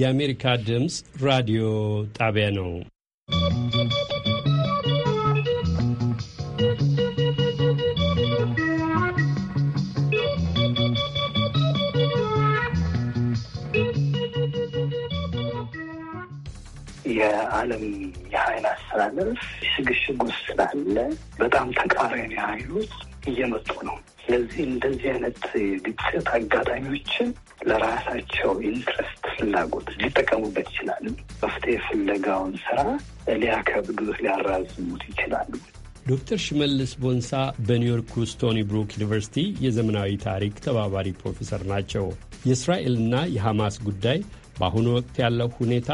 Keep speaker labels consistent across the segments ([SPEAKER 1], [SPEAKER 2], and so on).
[SPEAKER 1] የአሜሪካ ድምፅ ራዲዮ ጣቢያ ነው።
[SPEAKER 2] የዓለም የኃይል አሰላለፍ ሽግሽጉ ስላለ በጣም ተቃራኒ ኃይሎች እየመጡ ነው። ስለዚህ እንደዚህ አይነት ግጭት አጋጣሚዎችን ለራሳቸው ኢንትረስት ፍላጎት ሊጠቀሙበት ይችላሉ። መፍትሄ ፍለጋውን
[SPEAKER 1] ስራ ሊያከብዱት፣ ሊያራዝሙት ይችላሉ። ዶክተር ሽመልስ ቦንሳ በኒውዮርክ ውስጥ ስቶኒ ብሩክ ዩኒቨርሲቲ የዘመናዊ ታሪክ ተባባሪ ፕሮፌሰር ናቸው። የእስራኤልና የሐማስ ጉዳይ በአሁኑ ወቅት ያለው ሁኔታ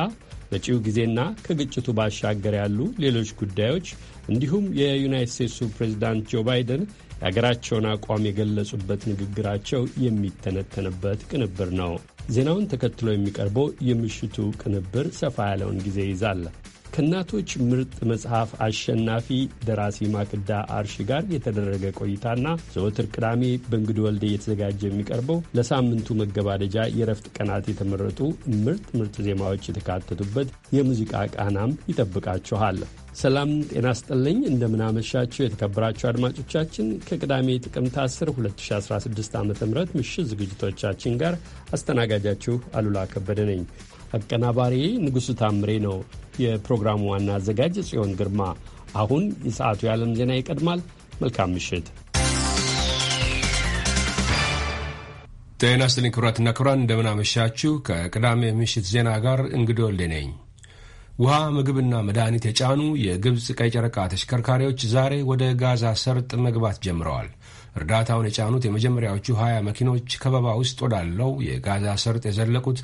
[SPEAKER 1] መጪው ጊዜና ከግጭቱ ባሻገር ያሉ ሌሎች ጉዳዮች እንዲሁም የዩናይት ስቴትሱ ፕሬዚዳንት ጆ ባይደን የሀገራቸውን አቋም የገለጹበት ንግግራቸው የሚተነተንበት ቅንብር ነው። ዜናውን ተከትሎ የሚቀርበው የምሽቱ ቅንብር ሰፋ ያለውን ጊዜ ይዛል። ከእናቶች ምርጥ መጽሐፍ አሸናፊ ደራሲ ማክዳ አርሽ ጋር የተደረገ ቆይታና ዘወትር ቅዳሜ በእንግድ ወልደ እየተዘጋጀ የሚቀርበው ለሳምንቱ መገባደጃ የረፍት ቀናት የተመረጡ ምርጥ ምርጥ ዜማዎች የተካተቱበት የሙዚቃ ቃናም ይጠብቃችኋል። ሰላም ጤና ስጥልኝ። እንደምናመሻችሁ የተከበራችሁ አድማጮቻችን ከቅዳሜ ጥቅምት 10 2016 ዓ ም ምሽት ዝግጅቶቻችን ጋር አስተናጋጃችሁ አሉላ ከበደ ነኝ። አቀናባሪ ንጉሡ ታምሬ ነው። የፕሮግራሙ ዋና አዘጋጅ ጽዮን ግርማ። አሁን የሰዓቱ የዓለም ዜና ይቀድማል። መልካም ምሽት። ጤና ይስጥልኝ
[SPEAKER 3] ክብራትና ክብራን እንደምናመሻችሁ። ከቅዳሜ ምሽት ዜና ጋር እንግዶ ወልዴ ነኝ። ውሃ፣ ምግብና መድኃኒት የጫኑ የግብፅ ቀይ ጨረቃ ተሽከርካሪዎች ዛሬ ወደ ጋዛ ሰርጥ መግባት ጀምረዋል። እርዳታውን የጫኑት የመጀመሪያዎቹ 20 መኪኖች ከበባ ውስጥ ወዳለው የጋዛ ሰርጥ የዘለቁት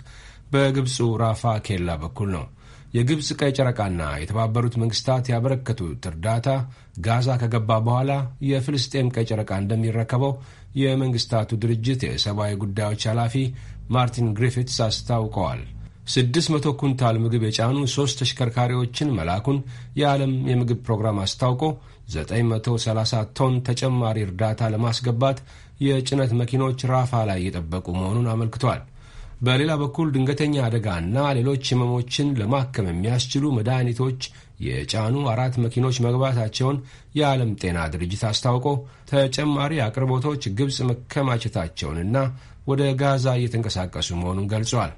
[SPEAKER 3] በግብፁ ራፋ ኬላ በኩል ነው። የግብፅ ቀይ ጨረቃና የተባበሩት መንግስታት ያበረከቱት እርዳታ ጋዛ ከገባ በኋላ የፍልስጤም ቀይ ጨረቃ እንደሚረከበው የመንግስታቱ ድርጅት የሰብአዊ ጉዳዮች ኃላፊ ማርቲን ግሪፊትስ አስታውቀዋል። 600 ኩንታል ምግብ የጫኑ ሦስት ተሽከርካሪዎችን መላኩን የዓለም የምግብ ፕሮግራም አስታውቆ 930 ቶን ተጨማሪ እርዳታ ለማስገባት የጭነት መኪኖች ራፋ ላይ የጠበቁ መሆኑን አመልክቷል። በሌላ በኩል ድንገተኛ አደጋና ሌሎች ህመሞችን ለማከም የሚያስችሉ መድኃኒቶች የጫኑ አራት መኪኖች መግባታቸውን የዓለም ጤና ድርጅት አስታውቆ ተጨማሪ አቅርቦቶች ግብፅ መከማቸታቸውንና ወደ ጋዛ እየተንቀሳቀሱ መሆኑን ገልጿል።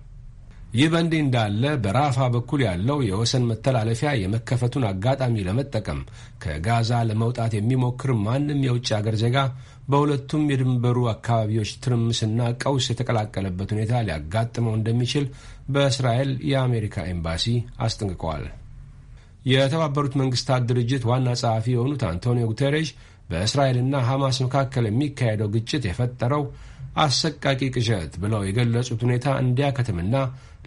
[SPEAKER 3] ይህ በእንዲህ እንዳለ በራፋ በኩል ያለው የወሰን መተላለፊያ የመከፈቱን አጋጣሚ ለመጠቀም ከጋዛ ለመውጣት የሚሞክር ማንም የውጭ አገር ዜጋ በሁለቱም የድንበሩ አካባቢዎች ትርምስና ቀውስ የተቀላቀለበት ሁኔታ ሊያጋጥመው እንደሚችል በእስራኤል የአሜሪካ ኤምባሲ አስጠንቅቀዋል። የተባበሩት መንግስታት ድርጅት ዋና ጸሐፊ የሆኑት አንቶኒዮ ጉተሬሽ በእስራኤልና ሐማስ መካከል የሚካሄደው ግጭት የፈጠረው አሰቃቂ ቅዠት ብለው የገለጹት ሁኔታ እንዲያከትምና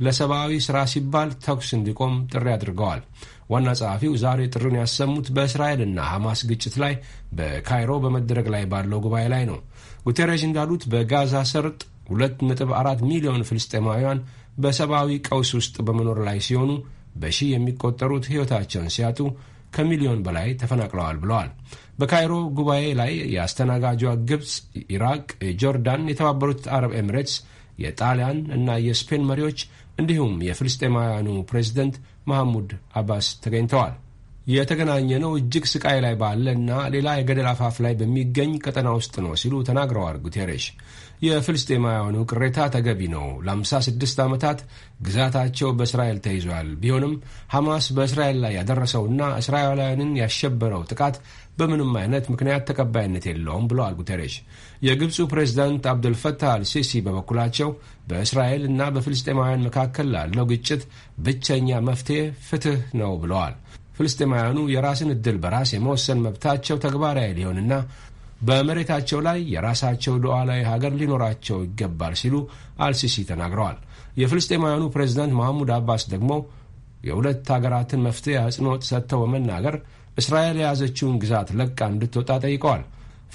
[SPEAKER 3] ለሰብአዊ ሥራ ሲባል ተኩስ እንዲቆም ጥሪ አድርገዋል። ዋና ጸሐፊው ዛሬ ጥሪውን ያሰሙት በእስራኤልና ሐማስ ግጭት ላይ በካይሮ በመደረግ ላይ ባለው ጉባኤ ላይ ነው። ጉቴሬሽ እንዳሉት በጋዛ ሰርጥ 2.4 ሚሊዮን ፍልስጤማውያን በሰብአዊ ቀውስ ውስጥ በመኖር ላይ ሲሆኑ በሺህ የሚቆጠሩት ሕይወታቸውን ሲያጡ ከሚሊዮን በላይ ተፈናቅለዋል ብለዋል። በካይሮ ጉባኤ ላይ የአስተናጋጇ ግብፅ፣ ኢራቅ፣ ጆርዳን፣ የተባበሩት አረብ ኤምሬትስ፣ የጣሊያን እና የስፔን መሪዎች እንዲሁም የፍልስጤማውያኑ ፕሬዚደንት መሐሙድ አባስ ተገኝተዋል። የተገናኘነው እጅግ ስቃይ ላይ ባለ እና ሌላ የገደል አፋፍ ላይ በሚገኝ ቀጠና ውስጥ ነው ሲሉ ተናግረዋል። ጉቴሬሽ የፍልስጤማውያኑ ቅሬታ ተገቢ ነው። ለ56 ዓመታት ግዛታቸው በእስራኤል ተይዟል። ቢሆንም ሐማስ በእስራኤል ላይ ያደረሰውና እስራኤላውያንን ያሸበረው ጥቃት በምንም አይነት ምክንያት ተቀባይነት የለውም ብለዋል ጉተሬሽ። የግብፁ ፕሬዝዳንት አብዱልፈታህ አልሲሲ በበኩላቸው በእስራኤል እና በፍልስጤማውያን መካከል ላለው ግጭት ብቸኛ መፍትሄ ፍትህ ነው ብለዋል። ፍልስጤማውያኑ የራስን ዕድል በራስ የመወሰን መብታቸው ተግባራዊ ሊሆንና በመሬታቸው ላይ የራሳቸው ሉዓላዊ ሀገር ሊኖራቸው ይገባል ሲሉ አልሲሲ ተናግረዋል። የፍልስጤማውያኑ ፕሬዝዳንት መሐሙድ አባስ ደግሞ የሁለት ሀገራትን መፍትሄ አጽንኦት ሰጥተው በመናገር እስራኤል የያዘችውን ግዛት ለቃ እንድትወጣ ጠይቀዋል።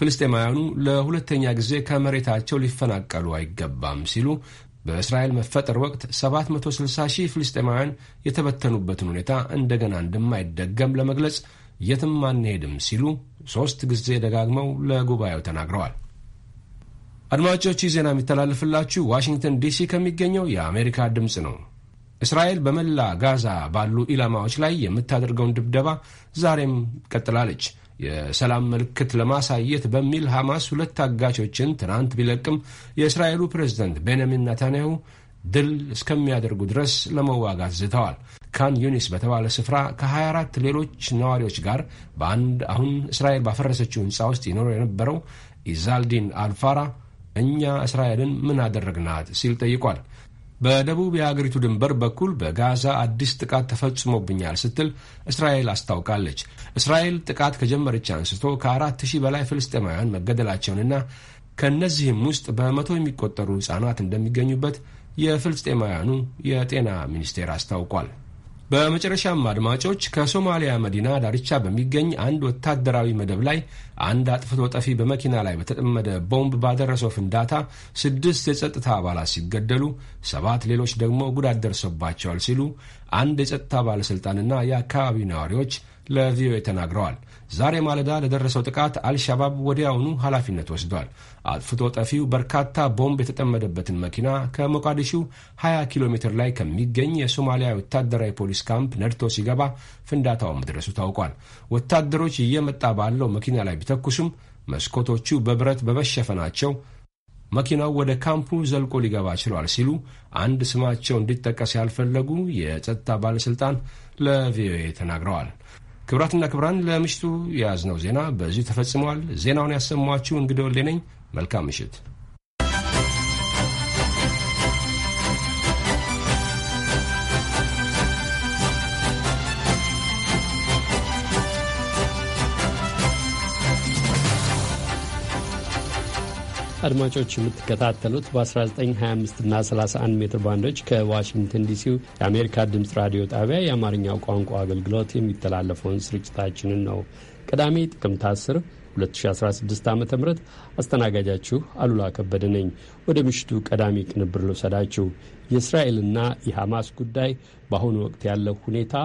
[SPEAKER 3] ፍልስጤማውያኑ ለሁለተኛ ጊዜ ከመሬታቸው ሊፈናቀሉ አይገባም ሲሉ በእስራኤል መፈጠር ወቅት 760 ሺህ ፍልስጤማውያን የተበተኑበትን ሁኔታ እንደገና እንደማይደገም ለመግለጽ የትም አንሄድም ሲሉ ሦስት ጊዜ ደጋግመው ለጉባኤው ተናግረዋል። አድማጮች ይህ ዜና የሚተላለፍላችሁ ዋሽንግተን ዲሲ ከሚገኘው የአሜሪካ ድምፅ ነው። እስራኤል በመላ ጋዛ ባሉ ኢላማዎች ላይ የምታደርገውን ድብደባ ዛሬም ቀጥላለች። የሰላም ምልክት ለማሳየት በሚል ሐማስ ሁለት አጋቾችን ትናንት ቢለቅም የእስራኤሉ ፕሬዝደንት ቤንያሚን ነታንያሁ ድል እስከሚያደርጉ ድረስ ለመዋጋት ዝተዋል። ካን ዩኒስ በተባለ ስፍራ ከ24 ሌሎች ነዋሪዎች ጋር በአንድ አሁን እስራኤል ባፈረሰችው ህንፃ ውስጥ ይኖረው የነበረው ኢዛልዲን አልፋራ እኛ እስራኤልን ምን አደረግናት ሲል ጠይቋል። በደቡብ የአገሪቱ ድንበር በኩል በጋዛ አዲስ ጥቃት ተፈጽሞብኛል ስትል እስራኤል አስታውቃለች። እስራኤል ጥቃት ከጀመረች አንስቶ ከአራት ሺህ በላይ ፍልስጤማውያን መገደላቸውንና ከእነዚህም ውስጥ በመቶ የሚቆጠሩ ሕፃናት እንደሚገኙበት የፍልስጤማውያኑ የጤና ሚኒስቴር አስታውቋል። በመጨረሻም አድማጮች ከሶማሊያ መዲና ዳርቻ በሚገኝ አንድ ወታደራዊ መደብ ላይ አንድ አጥፍቶ ጠፊ በመኪና ላይ በተጠመደ ቦምብ ባደረሰው ፍንዳታ ስድስት የጸጥታ አባላት ሲገደሉ ሰባት ሌሎች ደግሞ ጉዳት ደርሶባቸዋል ሲሉ አንድ የጸጥታ ባለሥልጣንና የአካባቢው ነዋሪዎች ለቪኦኤ ተናግረዋል። ዛሬ ማለዳ ለደረሰው ጥቃት አልሻባብ ወዲያውኑ ኃላፊነት ወስዷል። አጥፍቶ ጠፊው በርካታ ቦምብ የተጠመደበትን መኪና ከሞቃዲሹ 20 ኪሎ ሜትር ላይ ከሚገኝ የሶማሊያ ወታደራዊ ፖሊስ ካምፕ ነድቶ ሲገባ ፍንዳታው መድረሱ ታውቋል። ወታደሮች እየመጣ ባለው መኪና ላይ ቢተኩሱም መስኮቶቹ በብረት በመሸፈናቸው መኪናው ወደ ካምፑ ዘልቆ ሊገባ ችሏል ሲሉ አንድ ስማቸው እንዲጠቀስ ያልፈለጉ የጸጥታ ባለሥልጣን ለቪኦኤ ተናግረዋል። ክብራትና ክብራን ለምሽቱ የያዝነው ዜና በዚሁ ተፈጽሟል። ዜናውን ያሰማችሁ እንግዲህ ወልዴ ነኝ። መልካም ምሽት።
[SPEAKER 1] አድማጮች የምትከታተሉት በ1925 እና 31 ሜትር ባንዶች ከዋሽንግተን ዲሲው የአሜሪካ ድምፅ ራዲዮ ጣቢያ የአማርኛው ቋንቋ አገልግሎት የሚተላለፈውን ስርጭታችንን ነው። ቅዳሜ ጥቅምት 10 2016 ዓ ም አስተናጋጃችሁ አሉላ ከበደ ነኝ። ወደ ምሽቱ ቀዳሚ ቅንብር ልውሰዳችሁ። የእስራኤልና የሐማስ ጉዳይ፣ በአሁኑ ወቅት ያለው ሁኔታ፣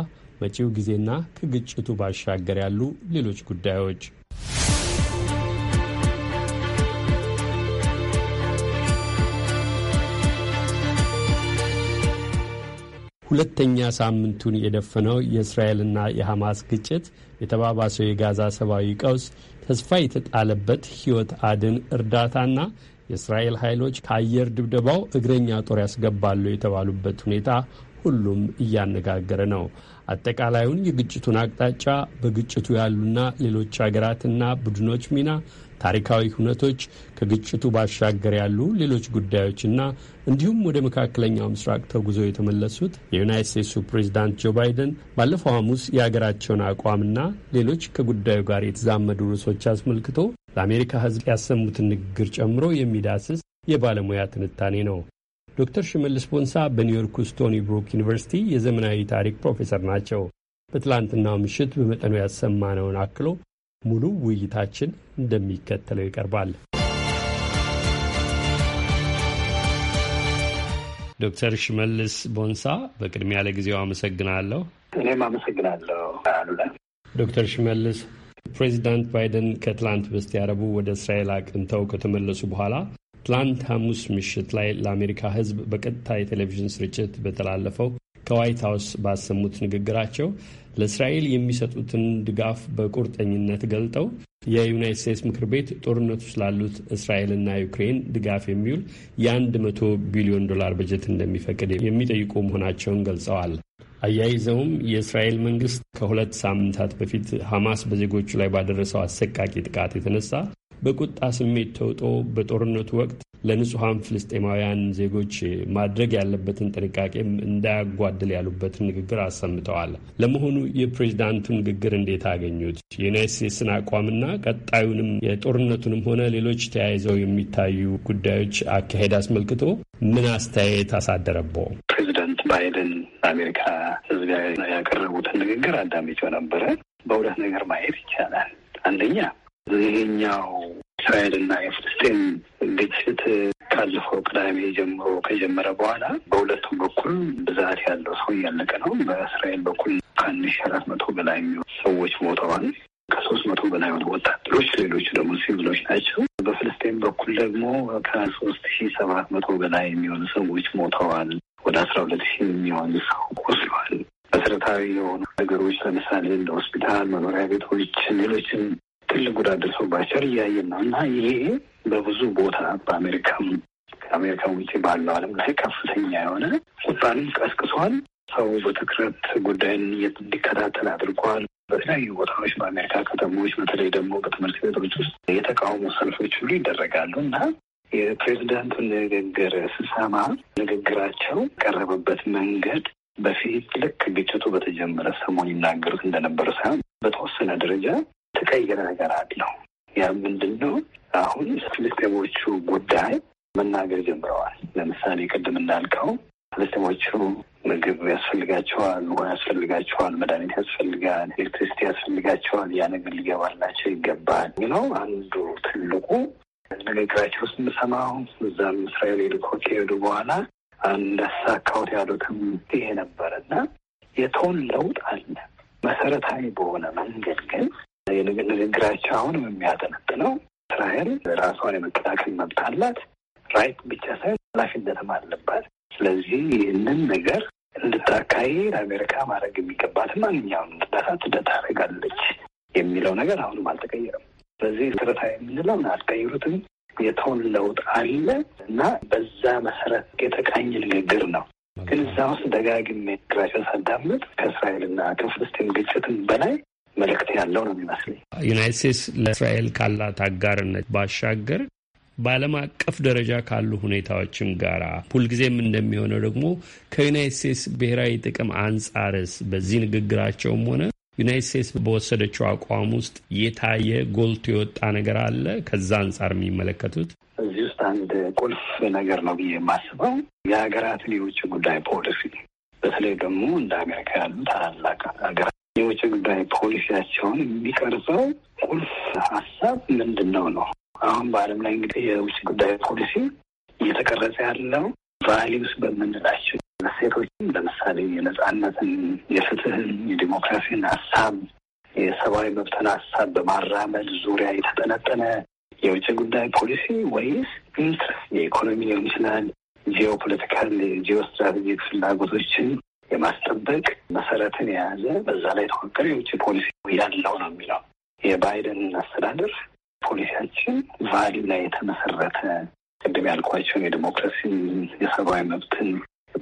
[SPEAKER 1] መጪው ጊዜና ከግጭቱ ባሻገር ያሉ ሌሎች ጉዳዮች ሁለተኛ ሳምንቱን የደፈነው የእስራኤልና የሐማስ ግጭት፣ የተባባሰው የጋዛ ሰብአዊ ቀውስ፣ ተስፋ የተጣለበት ሕይወት አድን እርዳታና የእስራኤል ኃይሎች ከአየር ድብደባው እግረኛ ጦር ያስገባሉ የተባሉበት ሁኔታ ሁሉም እያነጋገረ ነው። አጠቃላዩን የግጭቱን አቅጣጫ፣ በግጭቱ ያሉና ሌሎች ሀገራትና ቡድኖች ሚና ታሪካዊ ሁነቶች ከግጭቱ ባሻገር ያሉ ሌሎች ጉዳዮችና እንዲሁም ወደ መካከለኛው ምስራቅ ተጉዞ የተመለሱት የዩናይት ስቴትሱ ፕሬዚዳንት ጆ ባይደን ባለፈው ሐሙስ የሀገራቸውን አቋምና ሌሎች ከጉዳዩ ጋር የተዛመዱ ርዕሶች አስመልክቶ ለአሜሪካ ሕዝብ ያሰሙትን ንግግር ጨምሮ የሚዳስስ የባለሙያ ትንታኔ ነው። ዶክተር ሽመልስ ቦንሳ በኒውዮርኩ ስቶኒ ብሩክ ዩኒቨርሲቲ የዘመናዊ ታሪክ ፕሮፌሰር ናቸው። በትላንትናው ምሽት በመጠኑ ያሰማነውን አክሎ ሙሉ ውይይታችን እንደሚከተለው ይቀርባል። ዶክተር ሽመልስ ቦንሳ በቅድሚያ ለጊዜው አመሰግናለሁ። እኔም አመሰግናለሁ አሉላ። ዶክተር ሽመልስ ፕሬዚዳንት ባይደን ከትላንት በስቲያ ረቡዕ ወደ እስራኤል አቅንተው ከተመለሱ በኋላ ትላንት ሐሙስ ምሽት ላይ ለአሜሪካ ሕዝብ በቀጥታ የቴሌቪዥን ስርጭት በተላለፈው ከዋይት ሀውስ ባሰሙት ንግግራቸው ለእስራኤል የሚሰጡትን ድጋፍ በቁርጠኝነት ገልጠው የዩናይት ስቴትስ ምክር ቤት ጦርነቱ ስላሉት እስራኤልና ዩክሬን ድጋፍ የሚውል የአንድ መቶ ቢሊዮን ዶላር በጀት እንደሚፈቅድ የሚጠይቁ መሆናቸውን ገልጸዋል። አያይዘውም የእስራኤል መንግስት ከሁለት ሳምንታት በፊት ሐማስ በዜጎቹ ላይ ባደረሰው አሰቃቂ ጥቃት የተነሳ በቁጣ ስሜት ተውጦ በጦርነቱ ወቅት ለንጹሐን ፍልስጤማውያን ዜጎች ማድረግ ያለበትን ጥንቃቄም እንዳያጓድል ያሉበትን ንግግር አሰምተዋል። ለመሆኑ የፕሬዚዳንቱ ንግግር እንዴት አገኙት? የዩናይት ስቴትስን አቋምና ቀጣዩንም የጦርነቱንም ሆነ ሌሎች ተያይዘው የሚታዩ ጉዳዮች አካሄድ አስመልክቶ ምን አስተያየት አሳደረበው?
[SPEAKER 2] ፕሬዚዳንት ባይደን አሜሪካ ሕዝብ ያቀረቡትን ንግግር አዳምጬው ነበረ። በሁለት ነገር ማየት ይቻላል። አንደኛ ይሄኛው እስራኤልና የፍልስጤም ግጭት ካለፈው ቅዳሜ ጀምሮ ከጀመረ በኋላ በሁለቱም በኩል ብዛት ያለው ሰው እያለቀ ነው። በእስራኤል በኩል ከአንድ ሺ አራት መቶ በላይ የሚሆኑ ሰዎች ሞተዋል። ከሶስት መቶ በላይ የሆኑ ወታደሮች፣ ሌሎቹ ደግሞ ሲቪሎች ናቸው። በፍልስጤም በኩል ደግሞ ከሶስት ሺ ሰባት መቶ በላይ የሚሆኑ ሰዎች ሞተዋል። ወደ አስራ ሁለት ሺ የሚሆን ሰው ቆስሏል። መሰረታዊ የሆኑ ነገሮች ለምሳሌ እንደ ሆስፒታል፣ መኖሪያ ቤቶች፣ ሌሎችን ትልቅ ጉዳት ደርሶባቸዋል እያየን ነው እና ይሄ በብዙ ቦታ በአሜሪካም ከአሜሪካ ውጭ ባለው ዓለም ላይ ከፍተኛ የሆነ ቁጣንም ቀስቅሷል። ሰው በትኩረት ጉዳይን እንዲከታተል አድርጓል። በተለያዩ ቦታዎች በአሜሪካ ከተሞች በተለይ ደግሞ በትምህርት ቤቶች ውስጥ የተቃውሞ ሰልፎች ሁሉ ይደረጋሉ እና የፕሬዚዳንቱ ንግግር ስሰማ ንግግራቸው ቀረበበት መንገድ በፊት ልክ ግጭቱ በተጀመረ ሰሞን ይናገሩት እንደነበረ ሳይሆን በተወሰነ ደረጃ የተቀየረ ነገር አለው። ያ ምንድን ነው? አሁን ፍልስጤሞቹ ጉዳይ መናገር ጀምረዋል። ለምሳሌ ቅድም እንዳልከው ፍልስጤሞቹ ምግብ ያስፈልጋቸዋል፣ ውሃ ያስፈልጋቸዋል፣ መድኃኒት ያስፈልጋል፣ ኤሌክትሪሲቲ ያስፈልጋቸዋል። ያ ነገር ሊገባላቸው ይገባል የሚለው አንዱ ትልቁ ንግግራቸው ስንሰማው እዛም እስራኤል ልኮ ከሄዱ በኋላ እንዳሳካሁት ያሉትም ይሄ ነበር እና የቶን ለውጥ አለ መሰረታዊ በሆነ መንገድ ግን ንግግራቸውን የሚያጠነጥነው እስራኤል ራሷን የመከላከል መብት አላት፣ ራይት ብቻ ሳይሆን ኃላፊነትም አለባት። ስለዚህ ይህንን ነገር እንድታካሄድ አሜሪካ ማድረግ የሚገባት ማንኛውም እርዳታ ትደታረጋለች የሚለው ነገር አሁንም አልተቀየረም። ስለዚህ መሰረታዊ የምንለው አልቀይሩትም። የተውን ለውጥ አለ እና በዛ መሰረት የተቃኝ ንግግር ነው። ግን እዛ ውስጥ ደጋግሜ ግራቸው ሳዳምጥ ከእስራኤልና ከፍልስጤም ግጭትን በላይ መልእክት ያለው ነው የሚመስለኝ።
[SPEAKER 1] ዩናይት ስቴትስ ለእስራኤል ካላት አጋርነት ባሻገር በዓለም አቀፍ ደረጃ ካሉ ሁኔታዎችም ሁል ሁልጊዜም እንደሚሆነው ደግሞ ከዩናይት ስቴትስ ብሔራዊ ጥቅም አንጻርስ በዚህ ንግግራቸውም ሆነ ዩናይት ስቴትስ በወሰደችው አቋም ውስጥ የታየ ጎልቶ የወጣ ነገር አለ? ከዛ አንጻር የሚመለከቱት
[SPEAKER 2] እዚህ ውስጥ አንድ ቁልፍ ነገር ነው ብዬ የማስበው የሀገራትን የውጭ ጉዳይ ፖሊሲ በተለይ ደግሞ እንደ አሜሪካ ያሉ ታላላቅ ሀገራት የውጭ ጉዳይ ፖሊሲያቸውን የሚቀርጸው ቁልፍ ሀሳብ ምንድን ነው ነው። አሁን በዓለም ላይ እንግዲህ የውጭ ጉዳይ ፖሊሲ እየተቀረጸ ያለው ቫሊዩስ በምንላቸው እሴቶችም ለምሳሌ የነጻነትን፣ የፍትህን፣ የዲሞክራሲን ሀሳብ የሰብአዊ መብትን ሀሳብ በማራመድ ዙሪያ የተጠነጠነ የውጭ ጉዳይ ፖሊሲ ወይስ ኢንትረስት የኢኮኖሚ ሊሆን ይችላል ጂኦፖለቲካል ስትራቴጂክ ፍላጎቶችን የማስጠበቅ መሰረትን የያዘ በዛ ላይ የተዋቀረ የውጭ ፖሊሲ ያለው ነው የሚለው የባይደን አስተዳደር ፖሊሲያችን ቫሊ ላይ የተመሰረተ ቅድም ያልኳቸውን የዲሞክራሲን የሰብአዊ መብትን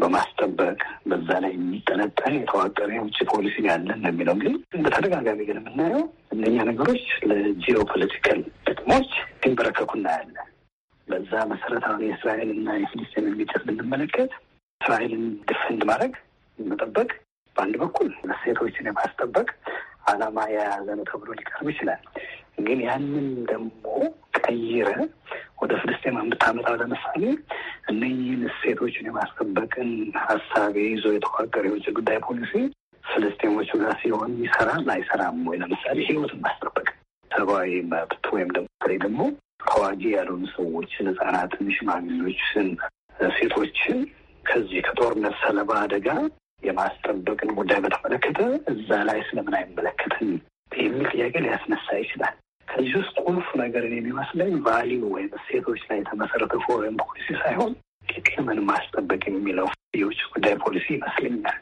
[SPEAKER 2] በማስጠበቅ በዛ ላይ የሚጠነጠን የተዋቀረ የውጭ ፖሊሲ ያለን የሚለው። ግን በተደጋጋሚ ግን የምናየው እነኛ ነገሮች ለጂኦ ፖለቲካል ጥቅሞች ሲንበረከኩ እናያለን። በዛ መሰረታዊ የእስራኤል እና የፍልስጤን ግጭት ብንመለከት እስራኤልን ድፍንድ ማድረግ መጠበቅ በአንድ በኩል እሴቶችን የማስጠበቅ ዓላማ የያዘ ነው ተብሎ ሊቀርብ ይችላል። ግን ያንን ደግሞ ቀይረ ወደ ፍልስጤም የምታመጣው ለምሳሌ እነኝህን እሴቶችን የማስጠበቅን ሀሳብ ይዞ የተዋቀረ የውጭ ጉዳይ ፖሊሲ ፍልስጤሞቹ ጋር ሲሆን ይሰራል አይሰራም ወይ? ለምሳሌ ህይወትን ማስጠበቅ ሰብአዊ መብት ወይም ደግሞ ደግሞ ተዋጊ ያልሆኑ ሰዎችን፣ ህጻናትን፣ ሽማግሌዎችን፣ ሴቶችን ከዚህ ከጦርነት ሰለባ አደጋ የማስጠበቅን ጉዳይ በተመለከተ እዛ ላይ ስለምን አይመለከትም የሚል ጥያቄ ሊያስነሳ ይችላል። ከዚህ ውስጥ ቁልፍ ነገርን የሚመስለኝ ቫሊዩ ወይም እሴቶች ላይ የተመሰረተ ፎሬን ፖሊሲ ሳይሆን ጥቅምን ማስጠበቅ የሚለው የውጭ ጉዳይ ፖሊሲ ይመስለኛል።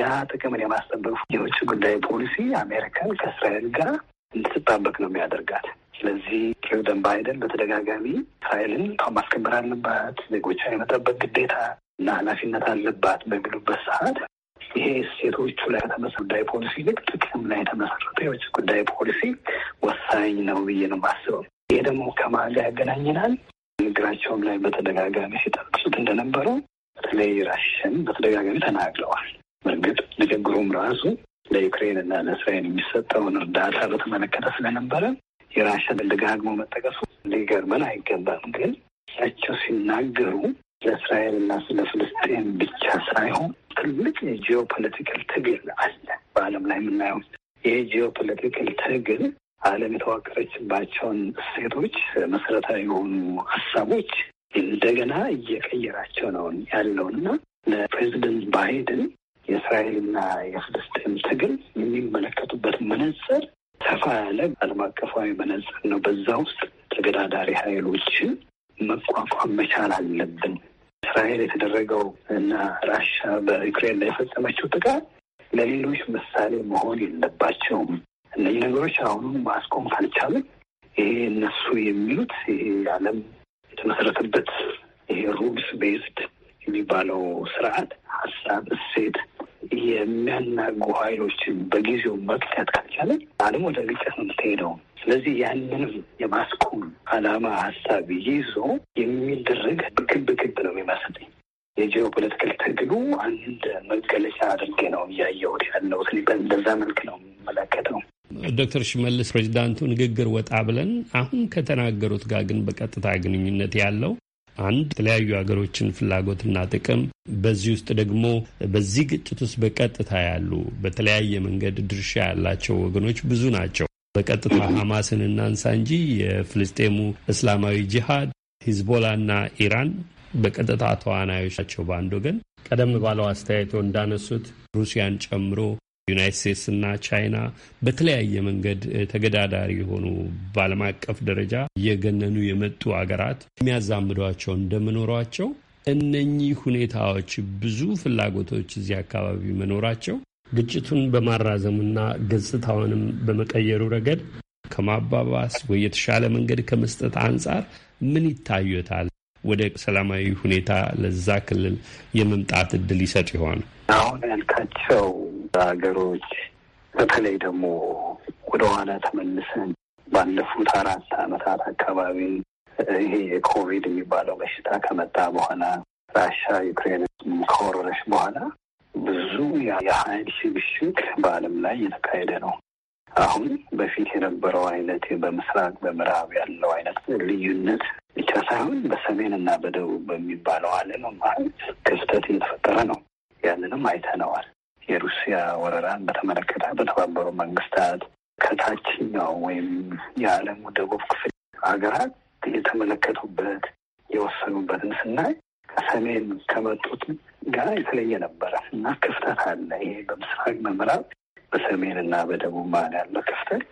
[SPEAKER 2] ያ ጥቅምን የማስጠበቅ የውጭ ጉዳይ ፖሊሲ አሜሪካን ከእስራኤል ጋር እንድትጣበቅ ነው የሚያደርጋት። ስለዚህ ጆደን ባይደን በተደጋጋሚ እስራኤልን ማስከበር አለባት፣ ዜጎች የመጠበቅ ግዴታ እና ኃላፊነት አለባት በሚሉበት ሰዓት ይሄ ሴቶቹ ላይ ተመሰረተ ጉዳይ ፖሊሲ ይልቅ ጥቅም ላይ የተመሰረተ የውጭ ጉዳይ ፖሊሲ ወሳኝ ነው ብዬ ነው የማስበው። ይሄ ደግሞ ከማን ጋር ያገናኘናል? ንግግራቸውም ላይ በተደጋጋሚ ሲጠቅሱት እንደነበረው በተለይ ራሽን በተደጋጋሚ ተናግረዋል። በእርግጥ ንግግሩም ራሱ ለዩክሬን እና ለእስራኤል የሚሰጠውን እርዳታ በተመለከተ ስለነበረ የራሽን ደጋግሞ መጠቀሱ ሊገርመን አይገባም። ግን እሳቸው ሲናገሩ ስለ እስራኤልና ስለ ፍልስጤን ብቻ ሳይሆን ትልቅ የጂኦፖለቲካል ትግል አለ በዓለም ላይ የምናየው። ይህ ጂኦፖለቲካል ትግል ዓለም የተዋቀረችባቸውን እሴቶች፣ መሰረታዊ የሆኑ ሀሳቦች እንደገና እየቀየራቸው ነው ያለው እና ለፕሬዚደንት ባይደን የእስራኤልና የፍልስጤን ትግል የሚመለከቱበት መነጽር ሰፋ ያለ ዓለም አቀፋዊ መነጽር ነው። በዛ ውስጥ ተገዳዳሪ ኃይሎችን መቋቋም መቻል አለብን በእስራኤል የተደረገው እና ራሻ በዩክሬን ላይ የፈጸመችው ጥቃት ለሌሎች ምሳሌ መሆን የለባቸውም። እነዚህ ነገሮች አሁኑም ማስቆም ካልቻለን ይሄ እነሱ የሚሉት ይሄ ዓለም የተመሰረተበት ይሄ ሩልስ ቤዝድ የሚባለው ስርዓት ሀሳብ፣ እሴት የሚያናጉ ኃይሎችን በጊዜው መቅጨት ካልቻለ ዓለም ወደ ግጭት ነው የምትሄደው። ስለዚህ ያንንም የማስቆም ዓላማ ሀሳብ ይዞ የሚደረግ ብክብ ክብ ነው የሚመስለኝ። የጂኦ ፖለቲካል ትግሉ አንድ መገለጫ አድርጌ ነው እያየሁት ያለው። በዛ መልክ ነው የምመለከተው።
[SPEAKER 1] ዶክተር ሽመልስ ፕሬዚዳንቱ ንግግር ወጣ ብለን አሁን ከተናገሩት ጋር ግን በቀጥታ ግንኙነት ያለው አንድ የተለያዩ ሀገሮችን ፍላጎትና ጥቅም በዚህ ውስጥ ደግሞ በዚህ ግጭት ውስጥ በቀጥታ ያሉ በተለያየ መንገድ ድርሻ ያላቸው ወገኖች ብዙ ናቸው። በቀጥታ ሐማስን እናንሳ እንጂ የፍልስጤሙ እስላማዊ ጂሃድ፣ ሂዝቦላና ኢራን በቀጥታ ተዋናዮች ናቸው። በአንድ ወገን ቀደም ባለው አስተያየቶ እንዳነሱት ሩሲያን ጨምሮ ዩናይት እና ቻይና በተለያየ መንገድ ተገዳዳሪ የሆኑ በዓለም አቀፍ ደረጃ እየገነኑ የመጡ አገራት የሚያዛምዷቸው እንደመኖሯቸው እነኚህ ሁኔታዎች ብዙ ፍላጎቶች እዚህ አካባቢ መኖራቸው ግጭቱን በማራዘሙና ገጽታውንም በመቀየሩ ረገድ ከማባባስ ወይ የተሻለ መንገድ ከመስጠት አንጻር ምን ይታዩታል? ወደ ሰላማዊ ሁኔታ ለዛ ክልል የመምጣት እድል ይሰጥ ይሆን?
[SPEAKER 2] አሁን ያልካቸው ሀገሮች በተለይ ደግሞ ወደ ኋላ ተመልሰን ባለፉት አራት አመታት አካባቢ ይሄ የኮቪድ የሚባለው በሽታ ከመጣ በኋላ ራሻ ዩክሬን ከወረረች በኋላ ብዙ የሀይል ሽግሽግ በዓለም ላይ እየተካሄደ ነው። አሁን በፊት የነበረው አይነት በምስራቅ በምዕራብ ያለው አይነት ልዩነት ብቻ ሳይሆን በሰሜን እና በደቡብ በሚባለው ዓለም ክፍተት እየተፈጠረ ነው። ያንንም አይተነዋል። የሩሲያ ወረራን በተመለከተ በተባበሩ መንግስታት ከታችኛው ወይም የዓለሙ ደቡብ ክፍል ሀገራት የተመለከቱበት የወሰኑበትን ስናይ ከሰሜን ከመጡት ጋር የተለየ ነበረ እና ክፍተት አለ። ይሄ በምስራቅ በምዕራብ በሰሜን እና በደቡብ መሀል ያለው ክፍተት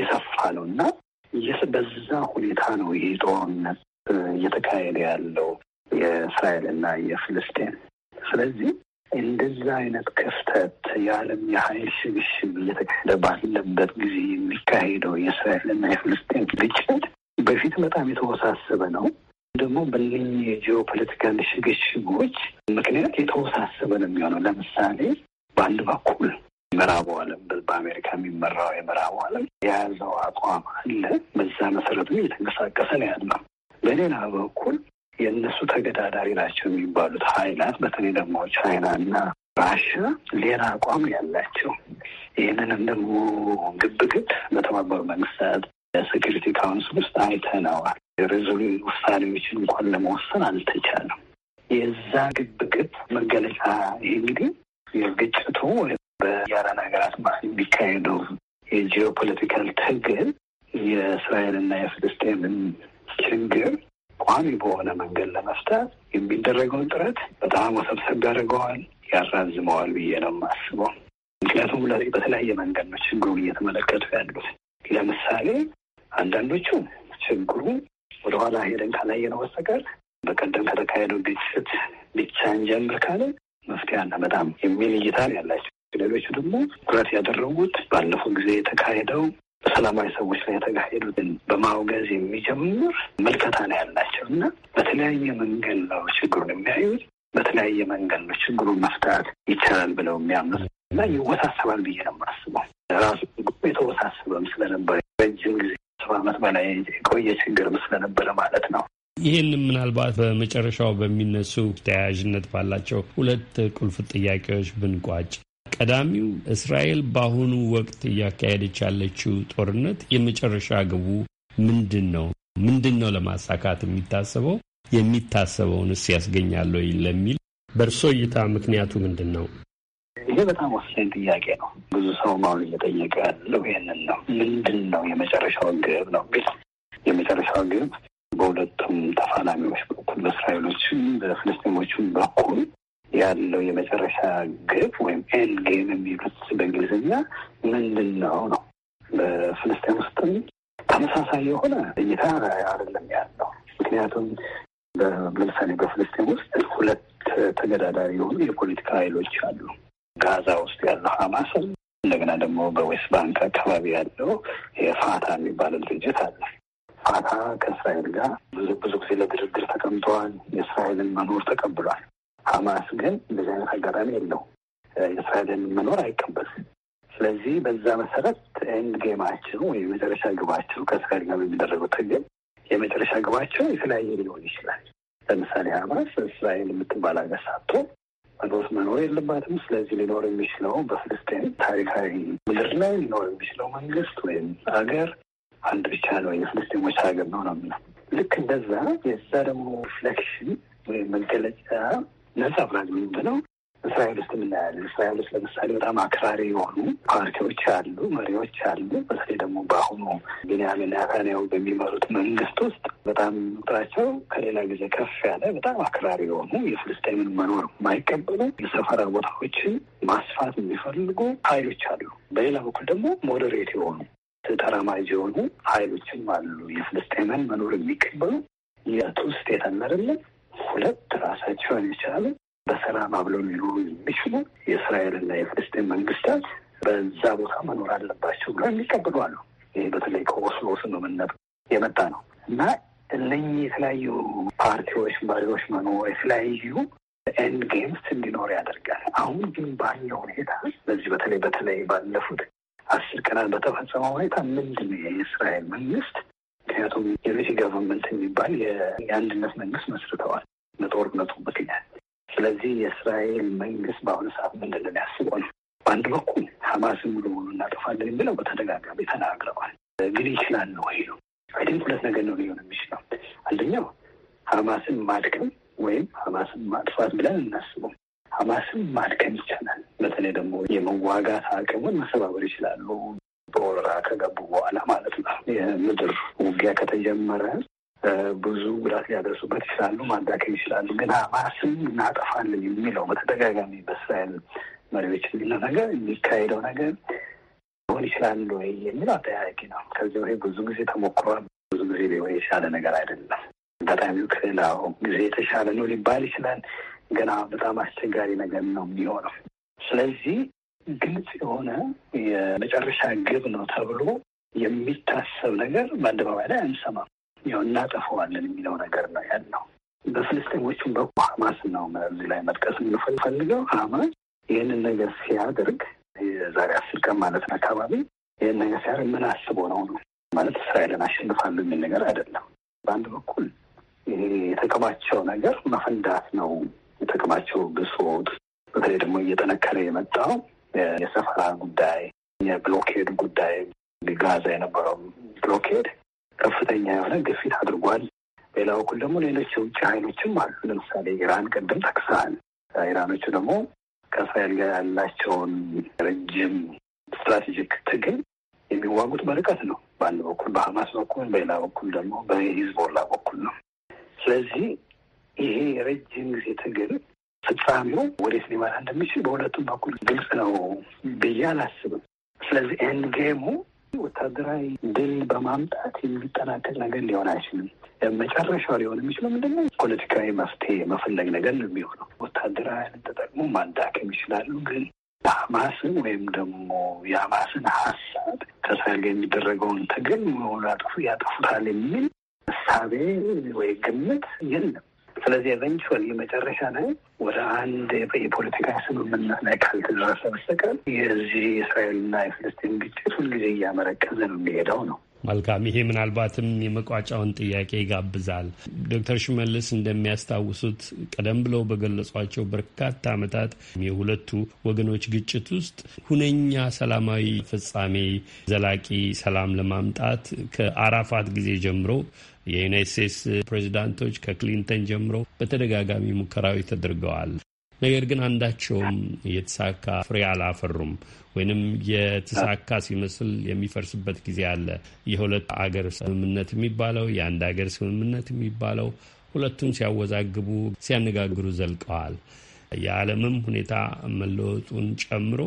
[SPEAKER 2] የሰፋ ነው እና በዛ ሁኔታ ነው ይህ ጦርነት እየተካሄደ ያለው የእስራኤል እና የፍልስጤን ስለዚህ እንደዛ አይነት ክፍተት የዓለም የሀይል ሽግሽግ እየተካሄደ ባለበት ጊዜ የሚካሄደው የእስራኤልና የፍልስጤን ግጭት በፊት በጣም የተወሳሰበ ነው። ደግሞ በእነኝህ የጂኦፖለቲካል ሽግሽጎች ምክንያት የተወሳሰበ ነው የሚሆነው። ለምሳሌ በአንድ በኩል ምዕራቡ ዓለም በአሜሪካ የሚመራው የምዕራቡ ዓለም የያዘው አቋም አለ። በዛ መሰረቱ እየተንቀሳቀሰ ነው ያለው። በሌላ በኩል የእነሱ ተገዳዳሪ ናቸው የሚባሉት ሀይላት በተለይ ደግሞ ቻይና እና ራሽያ ሌላ አቋም ያላቸው ይህንንም ደግሞ ግብግብ በተባበሩ መንግስታት ሴኪሪቲ ካውንስል ውስጥ አይተነዋል። የሬዞሉ ውሳኔዎችን እንኳን ለመወሰን አልተቻለም። የዛ ግብግብ መገለጫ ይህ እንግዲህ የግጭቱ በያራን ሀገራት የሚካሄደው የጂኦፖለቲካል ትግል የእስራኤልና የፍልስጤምን ችግር ቋሚ በሆነ መንገድ ለመፍታት የሚደረገውን ጥረት በጣም ወሰብሰብ ያደርገዋል፣ ያራዝመዋል ብዬ ነው የማስበው። ምክንያቱም በተለያየ መንገድ ነው ችግሩን እየተመለከቱ ያሉት። ለምሳሌ አንዳንዶቹ ችግሩ ወደኋላ ሄደን ካላየነው በስተቀር በቀደም ከተካሄደው ግጭት ብቻ እንጀምር ካለ መፍትሄ በጣም የሚል እይታ ያላቸው ሌሎቹ ደግሞ ትኩረት ያደረጉት ባለፈው ጊዜ የተካሄደው ሰላማዊ ሰዎች ላይ የተካሄዱትን በማውገዝ የሚጀምር መልከታ ነው ያላቸው እና በተለያየ መንገድ ነው ችግሩን የሚያዩት። በተለያየ መንገድ ነው ችግሩን መፍታት ይቻላል ብለው የሚያምኑት እና ይወሳሰባል ብዬ ነው የማስበው። ራሱ የተወሳሰበም ስለነበረ ረጅም ጊዜ ሰባ ዓመት በላይ የቆየ ችግርም ስለነበረ ማለት ነው።
[SPEAKER 1] ይህን ምናልባት በመጨረሻው በሚነሱ ተያያዥነት ባላቸው ሁለት ቁልፍ ጥያቄዎች ብንቋጭ ቀዳሚው እስራኤል በአሁኑ ወቅት እያካሄደች ያለችው ጦርነት የመጨረሻ ግቡ ምንድን ነው? ምንድን ነው ለማሳካት የሚታሰበው? የሚታሰበውንስ ያስገኛል ወይ ለሚል በእርሶ እይታ ምክንያቱ ምንድን ነው?
[SPEAKER 2] ይሄ በጣም ወሳኝ ጥያቄ ነው። ብዙ ሰው አሁን እየጠየቀ ያለው ይህንን ነው። ምንድን ነው የመጨረሻው ግብ ነው ቢል የመጨረሻው ግብ በሁለቱም ተፋላሚዎች በኩል በእስራኤሎችም በፍልስጤሞችም በኩል ያለው የመጨረሻ ግብ ወይም ኤንድ ጌም የሚሉት በእንግሊዝኛ ምንድን ነው ነው። በፍልስጤን ውስጥም ተመሳሳይ የሆነ እይታ አይደለም ያለው። ምክንያቱም ለምሳሌ በፍልስጤን ውስጥ ሁለት ተገዳዳሪ የሆኑ የፖለቲካ ኃይሎች አሉ። ጋዛ ውስጥ ያለው ሀማስም እንደገና ደግሞ በዌስት ባንክ አካባቢ ያለው የፋታ የሚባለው ድርጅት አለ። ፋታ ከእስራኤል ጋር ብዙ ብዙ ጊዜ ለድርድር ተቀምጠዋል። የእስራኤልን መኖር ተቀብሏል። ሀማስ ግን እንደዚህ አይነት አጋጣሚ የለው። እስራኤልን መኖር አይቀበልም። ስለዚህ በዛ መሰረት ኤንድ ጌማችን ወይ የመጨረሻ ግባችን ከእስራኤል ጋር የሚደረገው ትግል የመጨረሻ ግባቸው የተለያየ ሊሆን ይችላል። ለምሳሌ ሀማስ እስራኤል የምትባል አገር ሳቶ መኖር መኖር የለባትም። ስለዚህ ሊኖር የሚችለው በፍልስጤን ታሪካዊ ምድር ላይ ሊኖር የሚችለው መንግስት ወይም አገር አንድ ብቻ ነው፣ የፍልስጤሞች ሀገር ነው ነው የሚለው ልክ እንደዛ የዛ ደግሞ ሪፍሌክሽን ወይም መገለጫ ነጸብራቅ የሚባለው እስራኤል ውስጥ የምናያለን። እስራኤል ውስጥ ለምሳሌ በጣም አክራሪ የሆኑ ፓርቲዎች አሉ፣ መሪዎች አሉ። በተለይ ደግሞ በአሁኑ ቢንያሚን ኔታንያሁ በሚመሩት መንግስት ውስጥ በጣም ቁጥራቸው ከሌላ ጊዜ ከፍ ያለ በጣም አክራሪ የሆኑ የፍልስጤምን መኖር የማይቀበሉ የሰፈራ ቦታዎችን ማስፋት የሚፈልጉ ኃይሎች አሉ። በሌላ በኩል ደግሞ ሞደሬት የሆኑ ተራማጅ የሆኑ ኃይሎችም አሉ። የፍልስጤምን መኖር የሚቀበሉ የቱ ስቴት አናደለን ሁለት ራሳቸውን የቻለ በሰላም አብለው ሊኖሩ የሚችሉ የእስራኤልና የፍልስጤን መንግስታት በዛ ቦታ መኖር አለባቸው ብለው የሚቀብሉ አሉ። ይህ በተለይ ከኦስሎ ስምምነት የመጣ ነው እና እነኚህ የተለያዩ ፓርቲዎች መሪዎች መኖር የተለያዩ ኤንድ ጌምስ እንዲኖር ያደርጋል። አሁን ግን ባለው ሁኔታ በዚህ በተለይ በተለይ ባለፉት አስር ቀናት በተፈጸመው ሁኔታ ምንድን ነው የእስራኤል መንግስት ምክንያቱም የሬሲ ገቨርንመንት የሚባል የአንድነት መንግስት መስርተዋል በጦርነቱ ምክንያት። ስለዚህ የእስራኤል መንግስት በአሁኑ ሰዓት ምንድን ነው ያስበው ነው? በአንድ በኩል ሀማስን ሙሉ ሙሉ እናጠፋለን የሚለው በተደጋጋሚ ተናግረዋል። ግን ይችላል ነው ይሄ ነው አይደል? ሁለት ነገር ነው ሊሆን የሚችለው። አንደኛው ሀማስን ማድከም ወይም ሀማስን ማጥፋት ብለን እናስበው። ሀማስን ማድከም ይቻላል። በተለይ ደግሞ የመዋጋት አቅሙን መሰባበር ይችላሉ። በወረራ ከገቡ በኋላ ማለት ነው። የምድር ውጊያ ከተጀመረ ብዙ ጉዳት ሊያደርሱበት ይችላሉ፣ ማዳከም ይችላሉ። ግን ሀማስን እናጠፋለን የሚለው በተደጋጋሚ በእስራኤል መሪዎች የሚለው ነገር የሚካሄደው ነገር ሊሆን ይችላል ወይ የሚለው አጠያቂ ነው። ከዚህ ወይ ብዙ ጊዜ ተሞክሯል። ብዙ ጊዜ ሊሆን የተሻለ ነገር አይደለም። አጋጣሚው ከሌላው ጊዜ የተሻለ ነው ሊባል ይችላል። ገና በጣም አስቸጋሪ ነገር ነው የሚሆነው። ስለዚህ ግልጽ የሆነ የመጨረሻ ግብ ነው ተብሎ የሚታሰብ ነገር በአደባባይ ላይ አንሰማም። ያው እናጠፈዋለን የሚለው ነገር ነው ያለው። በፍልስጤሞቹም በኩል ሀማስ ነው እዚህ ላይ መጥቀስ የምንፈልገው። ሀማስ ይህንን ነገር ሲያደርግ የዛሬ አስር ቀን ማለት ነው አካባቢ ይህን ነገር ሲያደርግ ምን አስቦ ነው ነው ማለት እስራኤልን አሸንፋለሁ የሚል ነገር አይደለም። በአንድ በኩል ይሄ የተቀማቸው ነገር መፈንዳት ነው። የተቀማቸው ብሶት በተለይ ደግሞ እየጠነከረ የመጣው የሰፈራ ጉዳይ፣ የብሎኬድ ጉዳይ ጋዛ የነበረው ብሎኬድ ከፍተኛ የሆነ ግፊት አድርጓል። ሌላ በኩል ደግሞ ሌሎች የውጭ ኃይሎችም አሉ። ለምሳሌ ኢራን ቅድም ጠቅሰሃል። ኢራኖቹ ደግሞ ከእስራኤል ጋር ያላቸውን ረጅም ስትራቴጂክ ትግል የሚዋጉት በርቀት ነው። በአንድ በኩል በሀማስ በኩል፣ በሌላ በኩል ደግሞ በሂዝቦላ በኩል ነው። ስለዚህ ይሄ የረጅም ጊዜ ትግል ፍጻሜው ወዴት ሊመራ እንደሚችል በሁለቱም በኩል ግልጽ ነው ብዬ አላስብም። ስለዚህ ኤንድ ጌሙ ወታደራዊ ድል በማምጣት የሚጠናቀቅ ነገር ሊሆን አይችልም። መጨረሻው ሊሆን የሚችለው ምንድነው? ፖለቲካዊ መፍትሄ መፈለግ ነገር ነው የሚሆነው። ወታደራዊ ተጠቅሞ ማዳከም ይችላሉ፣ ግን በሀማስን ወይም ደግሞ የሀማስን ሀሳብ ከእስራኤል የሚደረገውን ትግል ያጥፉታል የሚል እሳቤ ወይ ግምት የለም። ስለዚህ ኤቨንቹዋሊ መጨረሻ ላይ ወደ አንድ የፖለቲካ ስምምነት ላይ ካልተደረሰ በስተቀር የዚህ የእስራኤልና የፍልስጤን ግጭት ሁልጊዜ እያመረቀዘ ነው የሚሄደው ነው።
[SPEAKER 1] መልካም። ይሄ ምናልባትም የመቋጫውን ጥያቄ ይጋብዛል። ዶክተር ሽመልስ እንደሚያስታውሱት ቀደም ብለው በገለጿቸው በርካታ ዓመታት የሁለቱ ወገኖች ግጭት ውስጥ ሁነኛ ሰላማዊ ፍጻሜ ዘላቂ ሰላም ለማምጣት ከአራፋት ጊዜ ጀምሮ የዩናይት ስቴትስ ፕሬዚዳንቶች ከክሊንተን ጀምሮ በተደጋጋሚ ሙከራዊ ተደርገዋል። ነገር ግን አንዳቸውም የተሳካ ፍሬ አላፈሩም፣ ወይንም የተሳካ ሲመስል የሚፈርስበት ጊዜ አለ። የሁለት አገር ስምምነት የሚባለው የአንድ አገር ስምምነት የሚባለው ሁለቱን ሲያወዛግቡ ሲያነጋግሩ ዘልቀዋል። የዓለምም ሁኔታ መለወጡን ጨምሮ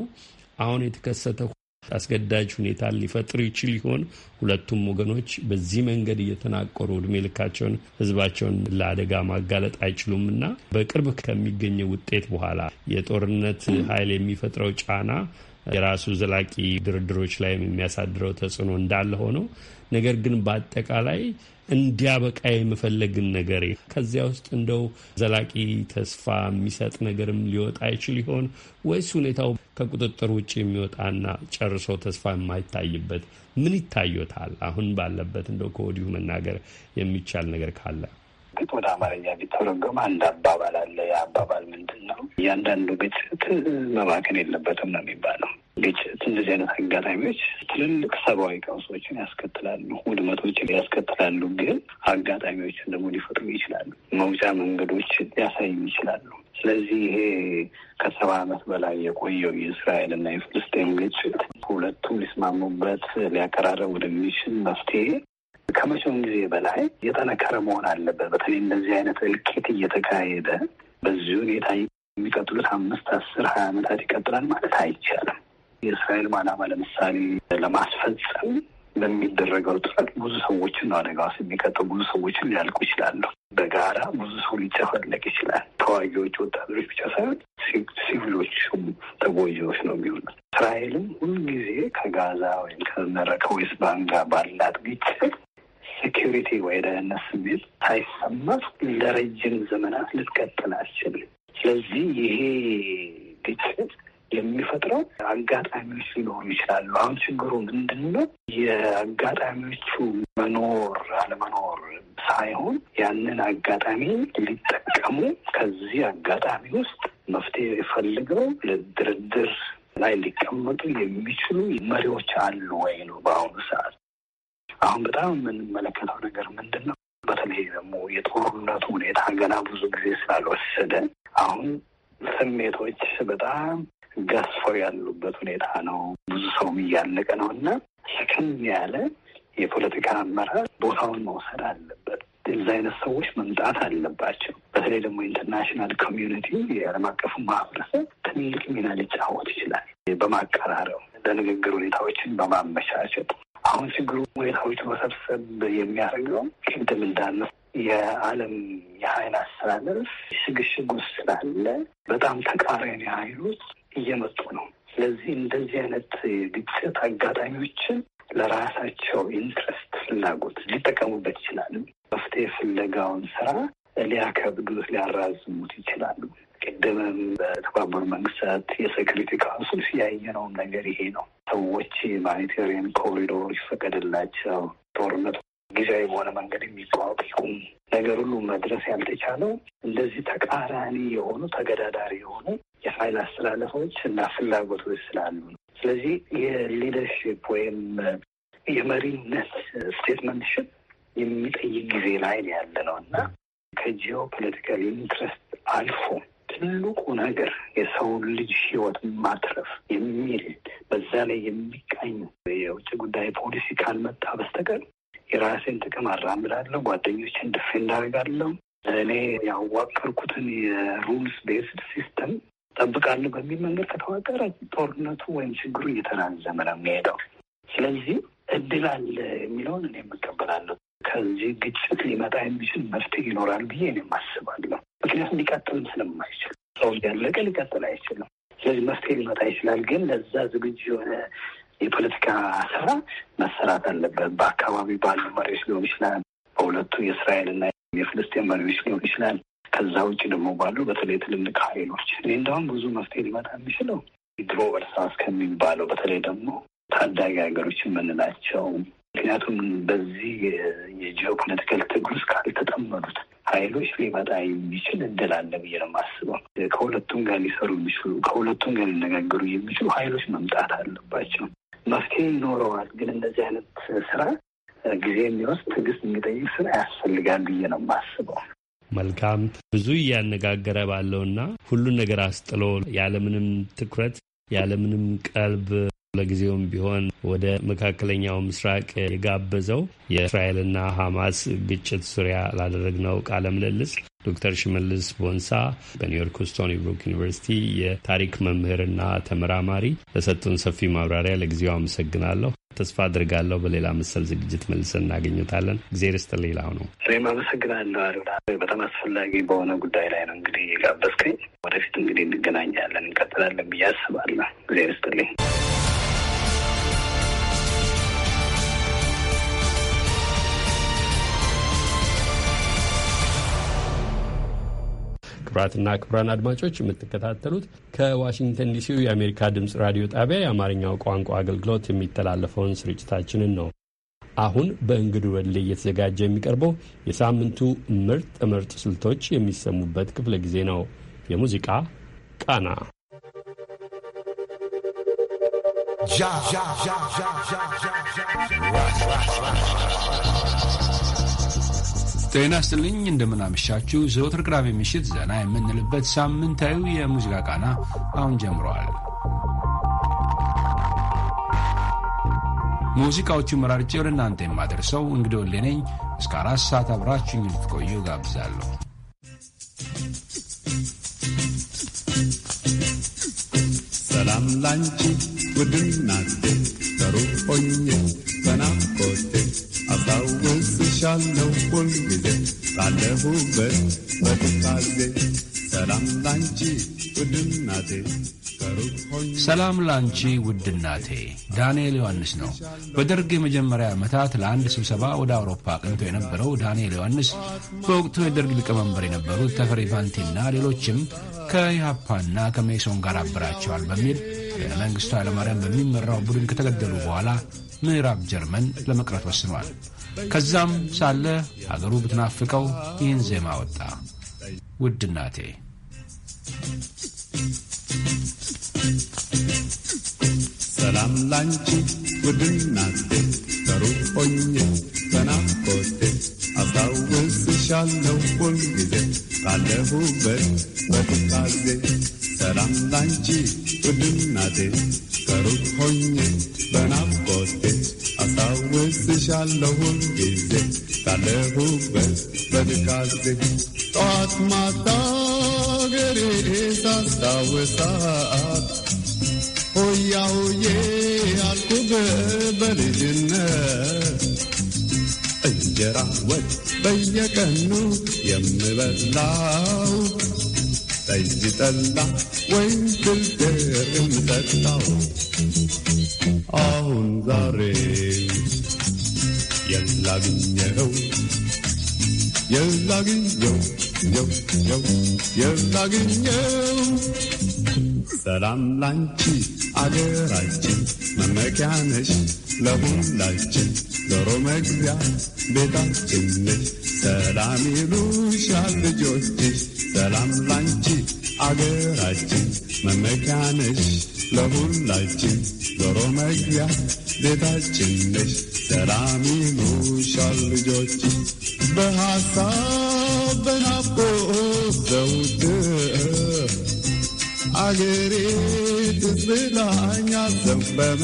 [SPEAKER 1] አሁን የተከሰተው አስገዳጅ ሁኔታ ሊፈጥሩ ይችል ይሆን? ሁለቱም ወገኖች በዚህ መንገድ እየተናቆሩ እድሜ ልካቸውን ህዝባቸውን ለአደጋ ማጋለጥ አይችሉም እና በቅርብ ከሚገኘው ውጤት በኋላ የጦርነት ኃይል የሚፈጥረው ጫና የራሱ ዘላቂ ድርድሮች ላይ የሚያሳድረው ተጽዕኖ እንዳለ ሆነው ነገር ግን በአጠቃላይ እንዲያበቃ የመፈለግን ነገር ከዚያ ውስጥ እንደው ዘላቂ ተስፋ የሚሰጥ ነገርም ሊወጣ አይችል ይሆን ወይስ ሁኔታው ከቁጥጥር ውጭ የሚወጣና ጨርሶ ተስፋ የማይታይበት ምን ይታዩታል? አሁን ባለበት እንደው ከወዲሁ መናገር የሚቻል ነገር ካለ
[SPEAKER 2] በእርግጥ ወደ አማርኛ ቢተረጎም አንድ አባባል አለ። ያ አባባል ምንድን
[SPEAKER 1] ነው? እያንዳንዱ ግጭት
[SPEAKER 2] መባከን የለበትም ነው የሚባለው። ግጭት እንደዚህ አይነት አጋጣሚዎች ትልልቅ ሰብአዊ ቀውሶችን ያስከትላሉ፣ ውድመቶችን ያስከትላሉ። ግን አጋጣሚዎችን ደግሞ ሊፈጥሩ ይችላሉ፣ መውጫ መንገዶች ሊያሳዩ ይችላሉ። ስለዚህ ይሄ ከሰባ ዓመት በላይ የቆየው የእስራኤልና የፍልስጤም ግጭት ሁለቱም ሊስማሙበት ሊያቀራረብ ወደሚችል መፍትሄ ከመቼውም ጊዜ በላይ የጠነከረ መሆን አለበት። በተለይ እንደዚህ አይነት እልቂት እየተካሄደ በዚህ ሁኔታ የሚቀጥሉት አምስት አስር ሀያ ዓመታት ይቀጥላል ማለት አይቻልም። የእስራኤል ዓላማ ለምሳሌ ለማስፈጸም በሚደረገው ጥረት ብዙ ሰዎችን ነው አደጋ ውስጥ የሚቀጥሉ ብዙ ሰዎችን ሊያልቁ ይችላሉ። በጋራ ብዙ ሰው ሊጨፈለቅ ይችላል። ተዋጊዎች፣ ወታደሮች ብቻ ሳይሆን ሲቪሎችም ተጎጂዎች ነው የሚሆኑት። እስራኤልም ሁልጊዜ ከጋዛ ወይም ከመረከ ከዌስት ባንክ ጋር ባላት ግጭት ሴኪሪቲ ወይ ደህንነት ስሜት ሳይሰማት ለረጅም ዘመናት ልትቀጥል አትችልም። ስለዚህ ይሄ ግጭት የሚፈጥረው አጋጣሚዎች ሊሆኑ ይችላሉ። አሁን ችግሩ ምንድን ነው? የአጋጣሚዎቹ መኖር አለመኖር ሳይሆን ያንን አጋጣሚ ሊጠቀሙ ከዚህ አጋጣሚ ውስጥ መፍትሄ ፈልገው ለድርድር ላይ ሊቀመጡ የሚችሉ መሪዎች አሉ ወይ ነው በአሁኑ ሰዓት አሁን በጣም የምንመለከተው ነገር ምንድን ነው? በተለይ ደግሞ የጦርነቱ ሁኔታ ገና ብዙ ጊዜ ስላልወሰደ አሁን ስሜቶች በጣም ገዝፈው ያሉበት ሁኔታ ነው። ብዙ ሰውም እያለቀ ነው እና ሰከን ያለ የፖለቲካ አመራር ቦታውን መውሰድ አለበት። እዛ አይነት ሰዎች መምጣት አለባቸው። በተለይ ደግሞ ኢንተርናሽናል ኮሚዩኒቲ የዓለም አቀፉ ማህበረሰብ ትልቅ ሚና ሊጫወት ይችላል። በማቀራረብ ለንግግር ሁኔታዎችን በማመቻቸት አሁን ችግሩ ሁኔታዎች መሰብሰብ የሚያደርገው ቅድም እንዳለ የዓለም የኃይል አስተዳደር ሽግሽግ ውስጥ ስላለ በጣም ተቃራኒ ኃይሎች እየመጡ ነው። ስለዚህ እንደዚህ አይነት ግጭት አጋጣሚዎችን ለራሳቸው ኢንትረስት ፍላጎት ሊጠቀሙበት ይችላሉ። መፍትሄ ፍለጋውን ስራ ሊያከብዱት ሊያራዝሙት ይችላሉ። ቅድምም በተባበሩ መንግስታት የሴኩሪቲ ካውንስል ያየነውን ነገር ይሄ ነው። ሰዎች ማኒቴሪያን ኮሪዶር ይፈቀድላቸው፣ ጦርነቱ ጊዜያዊ በሆነ መንገድ የሚቋቁም ነገር ሁሉ መድረስ ያልተቻለው እንደዚህ ተቃራኒ የሆኑ ተገዳዳሪ የሆኑ የኃይል አስተላለፎች እና ፍላጎቶች ስላሉ ነው። ስለዚህ የሊደርሽፕ ወይም የመሪነት ስቴትመንትሽን የሚጠይቅ ጊዜ ላይ ያለ ነው እና ከጂኦ ፖለቲካል ኢንትረስት አልፎ ትልቁ ነገር የሰውን ልጅ ህይወት ማትረፍ የሚል በዛ ላይ የሚቃኝ የውጭ ጉዳይ ፖሊሲ ካልመጣ በስተቀር የራሴን ጥቅም አራምዳለሁ፣ ጓደኞችን ድፌ እንዳደርጋለሁ፣ እኔ ያዋቀርኩትን የሩልስ ቤስድ ሲስተም ጠብቃለሁ በሚል መንገድ ከተዋቀረ ጦርነቱ ወይም ችግሩ እየተራዘመ ነው የሚሄደው። ስለዚህ እድል አለ የሚለውን እኔ የምቀበላለሁ። ከዚህ ግጭት ሊመጣ የሚችል መፍትሄ ይኖራል ብዬ እኔም አስባለሁ። ምክንያቱም ሊቀጥል ስለማይችል ሰው እያለቀ ሊቀጥል አይችልም። ስለዚህ መፍትሄ ሊመጣ ይችላል፣ ግን ለዛ ዝግጁ የሆነ የፖለቲካ ስራ መሰራት አለበት። በአካባቢ ባሉ መሪዎች ሊሆን ይችላል፣ በሁለቱ የእስራኤልና የፍልስጤን መሪዎች ሊሆን ይችላል። ከዛ ውጭ ደግሞ ባሉ በተለይ ትልልቅ ኃይሎች እኔ እንደውም ብዙ መፍትሄ ሊመጣ የሚችለው ድሮ እርሳስ ከሚባለው በተለይ ደግሞ ታዳጊ ሀገሮች የምንላቸው ምክንያቱም በዚህ የጂኦፖለቲካል ትግል ውስጥ ካልተጠመዱት ኃይሎች ሊመጣ የሚችል እድል አለ ብዬ ነው የማስበው። ከሁለቱም ጋር ሊሰሩ የሚችሉ ከሁለቱም ጋር ሊነጋገሩ የሚችሉ ኃይሎች መምጣት አለባቸው። መፍትሄ ይኖረዋል። ግን እንደዚህ አይነት ስራ ጊዜ የሚወስድ ትዕግስት የሚጠይቅ ስራ ያስፈልጋል ብዬ ነው የማስበው።
[SPEAKER 1] መልካም ብዙ እያነጋገረ ባለውና ሁሉን ነገር አስጥሎ ያለምንም ትኩረት ያለምንም ቀልብ ለጊዜውም ቢሆን ወደ መካከለኛው ምስራቅ የጋበዘው የእስራኤልና ሐማስ ግጭት ዙሪያ ላደረግነው ቃለ ምልልስ ዶክተር ሽመልስ ቦንሳ በኒውዮርክ ውስጥ ስቶኒ ብሩክ ዩኒቨርሲቲ የታሪክ መምህርና ተመራማሪ ለሰጡን ሰፊ ማብራሪያ ለጊዜው አመሰግናለሁ። ተስፋ አድርጋለሁ በሌላ መሰል ዝግጅት መልሰን እናገኘታለን። እግዜር ስጥ። ሌላው ነው
[SPEAKER 2] እኔም አመሰግናለሁ አሉላ። በጣም አስፈላጊ በሆነ ጉዳይ ላይ ነው እንግዲህ የጋበዝከኝ። ወደፊት እንግዲህ እንገናኛለን፣ እንቀጥላለን ብዬ አስባለሁ። እግዜር ስጥልኝ።
[SPEAKER 1] ክቡራትና ክቡራን አድማጮች የምትከታተሉት ከዋሽንግተን ዲሲው የአሜሪካ ድምፅ ራዲዮ ጣቢያ የአማርኛው ቋንቋ አገልግሎት የሚተላለፈውን ስርጭታችንን ነው። አሁን በእንግዱ ወድሌ እየተዘጋጀ የሚቀርበው የሳምንቱ ምርጥ ምርጥ ስልቶች የሚሰሙበት ክፍለ ጊዜ ነው። የሙዚቃ ቃና
[SPEAKER 3] ዣ ጤና ስጥልኝ እንደምናመሻችሁ። ዘወትር ቅዳሜ ምሽት ዘና የምንልበት ሳምንታዊ የሙዚቃ ቃና አሁን ጀምረዋል። ሙዚቃዎቹ መራርጬ ወደ እናንተ የማደርሰው እንግዲህ ወሌ ነኝ። እስከ አራት ሰዓት አብራችሁኝ ልትቆዩ ጋብዛለሁ።
[SPEAKER 4] ሰላም ላንቺ ውድናቴ ተሩ በናፍቆቴ አሻለው ሁልጊዜ ባለሁበት በትካዜ ሰላም ላንቺ ውድናቴ
[SPEAKER 3] ሰላም ላንቺ ውድናቴ። ዳንኤል ዮሐንስ ነው። በደርግ የመጀመሪያ ዓመታት ለአንድ ስብሰባ ወደ አውሮፓ አቅንቶ የነበረው ዳንኤል ዮሐንስ በወቅቱ የደርግ ሊቀመንበር የነበሩት ተፈሪ ባንቲና ሌሎችም ከኢሃፓና ከሜሶን ጋር አብራቸዋል በሚል በመንግሥቱ ኃይለማርያም በሚመራው ቡድን ከተገደሉ በኋላ ምዕራብ ጀርመን ለመቅረት ወስኗል። ከዛም ሳለ አገሩ ብትናፍቀው ይህን ዜማ ወጣ። ውድ እናቴ ሰላም ላንቺ ውድ እናቴ
[SPEAKER 4] ከሩቅ ሆኜ በናፍቆቴ አስታውስሻለሁ ሁልጊዜ ካለሁበት በትካዜ ሰላም ላንቺ ውድ እናቴ ከሩቅ ሆኜ በናፍቆ እሻለሁን ጊዜ ካለሁበት በድካዜ ጠዋት ማታ ገሬ ሳስታውሳት ሆያ ሆዬ አልኩብ በልጅነት እንጀራ ወጥ በየቀኑ የምበላው ጠጅ ጠላ ወይም ድርድር የምጠጣው አሁን ዛሬ የላግኘው የላግኘው የላግኘው ሰላም ላንቺ አገራችን መመኪያ ነሽ ለሁላችን ዶሮ መግቢያ ቤታችን ነሽ ሰላም ይሉሻል ልጆችሽ ሰላም ላንቺ አገራችን መመኪያ ነሽ ለሁላችን ዶሮ መግቢያ ቤታችን ነሽ ሰላም ይኑሻል ልጆች በሐሳብ በናፍቆት ዘውድ አገሬ ትዝላኛ ዘንበመ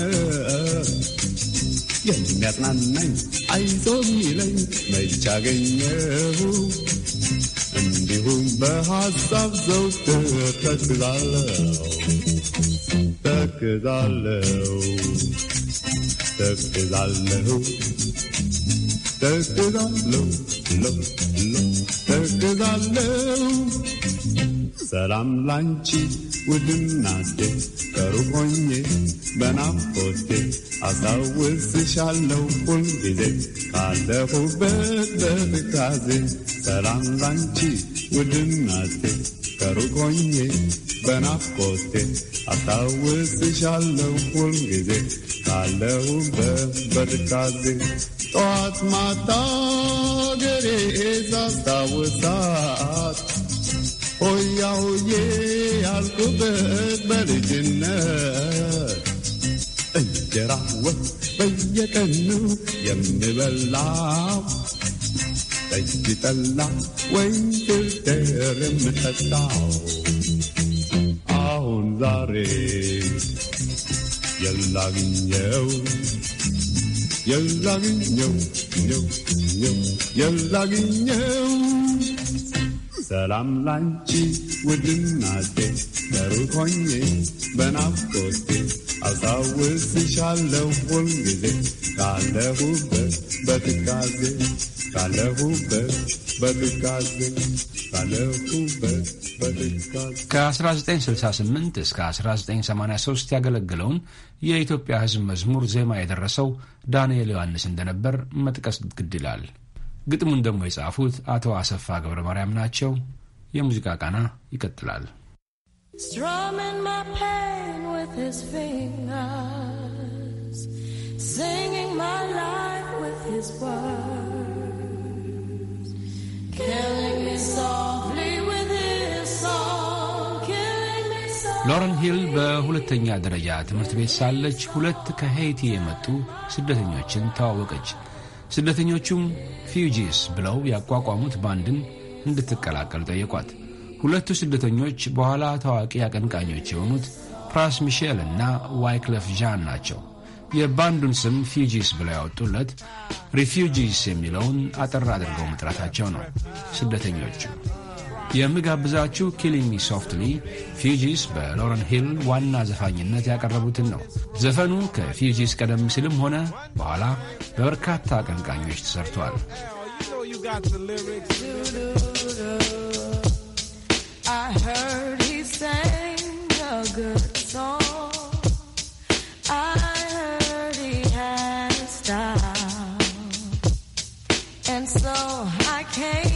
[SPEAKER 4] የሚያጽናናኝ አይዞ ሚለኝ መች አገኘሁ እንዲሁም በሐሳብ ዘውድ ተክዛለው ተክዛለው ተቅዛለሁ ተቅዛለሁ ተቅዛለሁ ሰላም ላንቺ ውድናቴ ከሩቆኜ በናፍቆቴ አስታውስሻለሁ ሁልጊዜ ካለሁበት በትካዜ ሰላም ላንቺ ውድናቴ كاروغوني بنافوتي أطاوز شالو ولغزي قالو ببركازي طوات ما تاغري إذا استاوزات ويا ويا الكبت بالجنات الجرعوة بيا كنو يم بلعب تجي تلع وين الشعر متسع انظري يلا بنيو يلا بنيو نيو نيو يلا بنيو ሰላም ላንቺ ውድናቴ በሩቅ ሆኜ በናፍቆቴ አስታውስሻለሁ ሁልጊዜ ካለሁበት በትካዜ ካለሁበት በትካዜ
[SPEAKER 3] ከ1968 እስከ 1983 ያገለገለውን የኢትዮጵያ ሕዝብ መዝሙር ዜማ የደረሰው ዳንኤል ዮሐንስ እንደነበር መጥቀስ ግድ ይላል። ግጥሙን ደግሞ የጻፉት አቶ አሰፋ ገብረ ማርያም ናቸው። የሙዚቃ ቃና ይቀጥላል።
[SPEAKER 5] strumming my pain with his fingers, singing my life with his words, killing me softly with his song, killing me
[SPEAKER 3] softly. ሎረን ሂል በሁለተኛ ደረጃ ትምህርት ቤት ሳለች ሁለት ከሄይቲ የመጡ ስደተኞችን ተዋወቀች። ስደተኞቹም ፊውጂስ ብለው ያቋቋሙት ባንድን እንድትቀላቀል ጠየቋት። ሁለቱ ስደተኞች በኋላ ታዋቂ አቀንቃኞች የሆኑት ፕራስ ሚሼል እና ዋይክለፍ ዣን ናቸው። የባንዱን ስም ፊጂስ ብለው ያወጡለት ሪፊጂስ የሚለውን አጠር አድርገው መጥራታቸው ነው። ስደተኞቹ የምጋብዛችሁ ኪሊንግ ሚ ሶፍትሊ ፊጂስ በሎረን ሂል ዋና ዘፋኝነት ያቀረቡትን ነው። ዘፈኑ ከፊጂስ ቀደም ሲልም ሆነ በኋላ በበርካታ አቀንቃኞች ተሰርቷል።
[SPEAKER 5] I heard he sang a good song. I heard he had style. And so I came.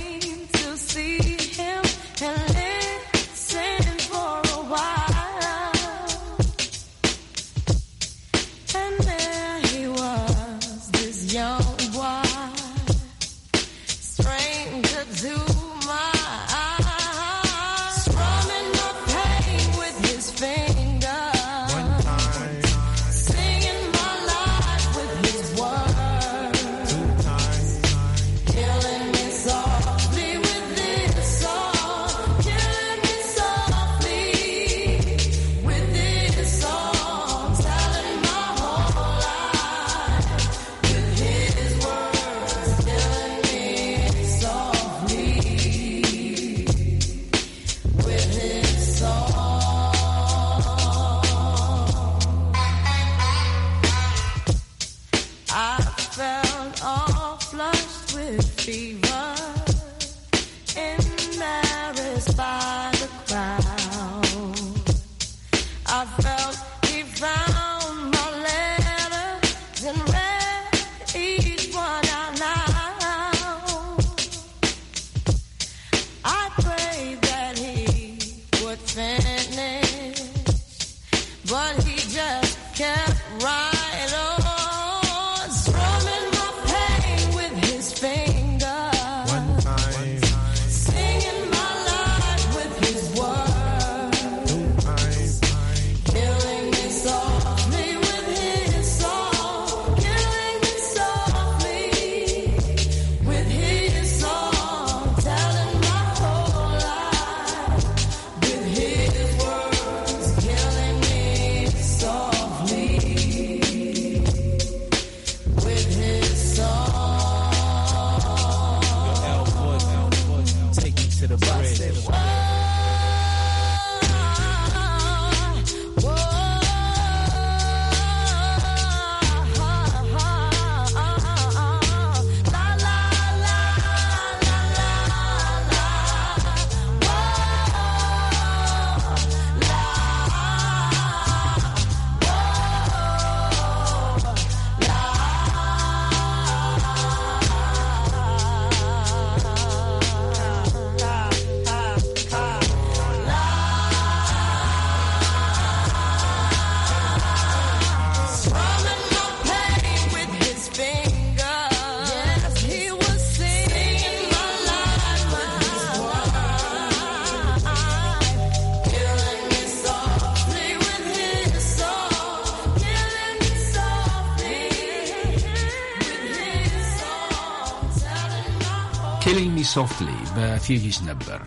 [SPEAKER 3] ሶፍትሊ በፊጊስ ነበር።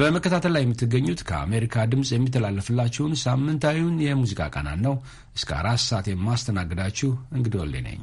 [SPEAKER 3] በመከታተል ላይ የምትገኙት ከአሜሪካ ድምፅ የሚተላለፍላችሁን ሳምንታዊውን የሙዚቃ ቃናን ነው። እስከ አራት ሰዓት የማስተናግዳችሁ እንግዲህ ወሌ ነኝ።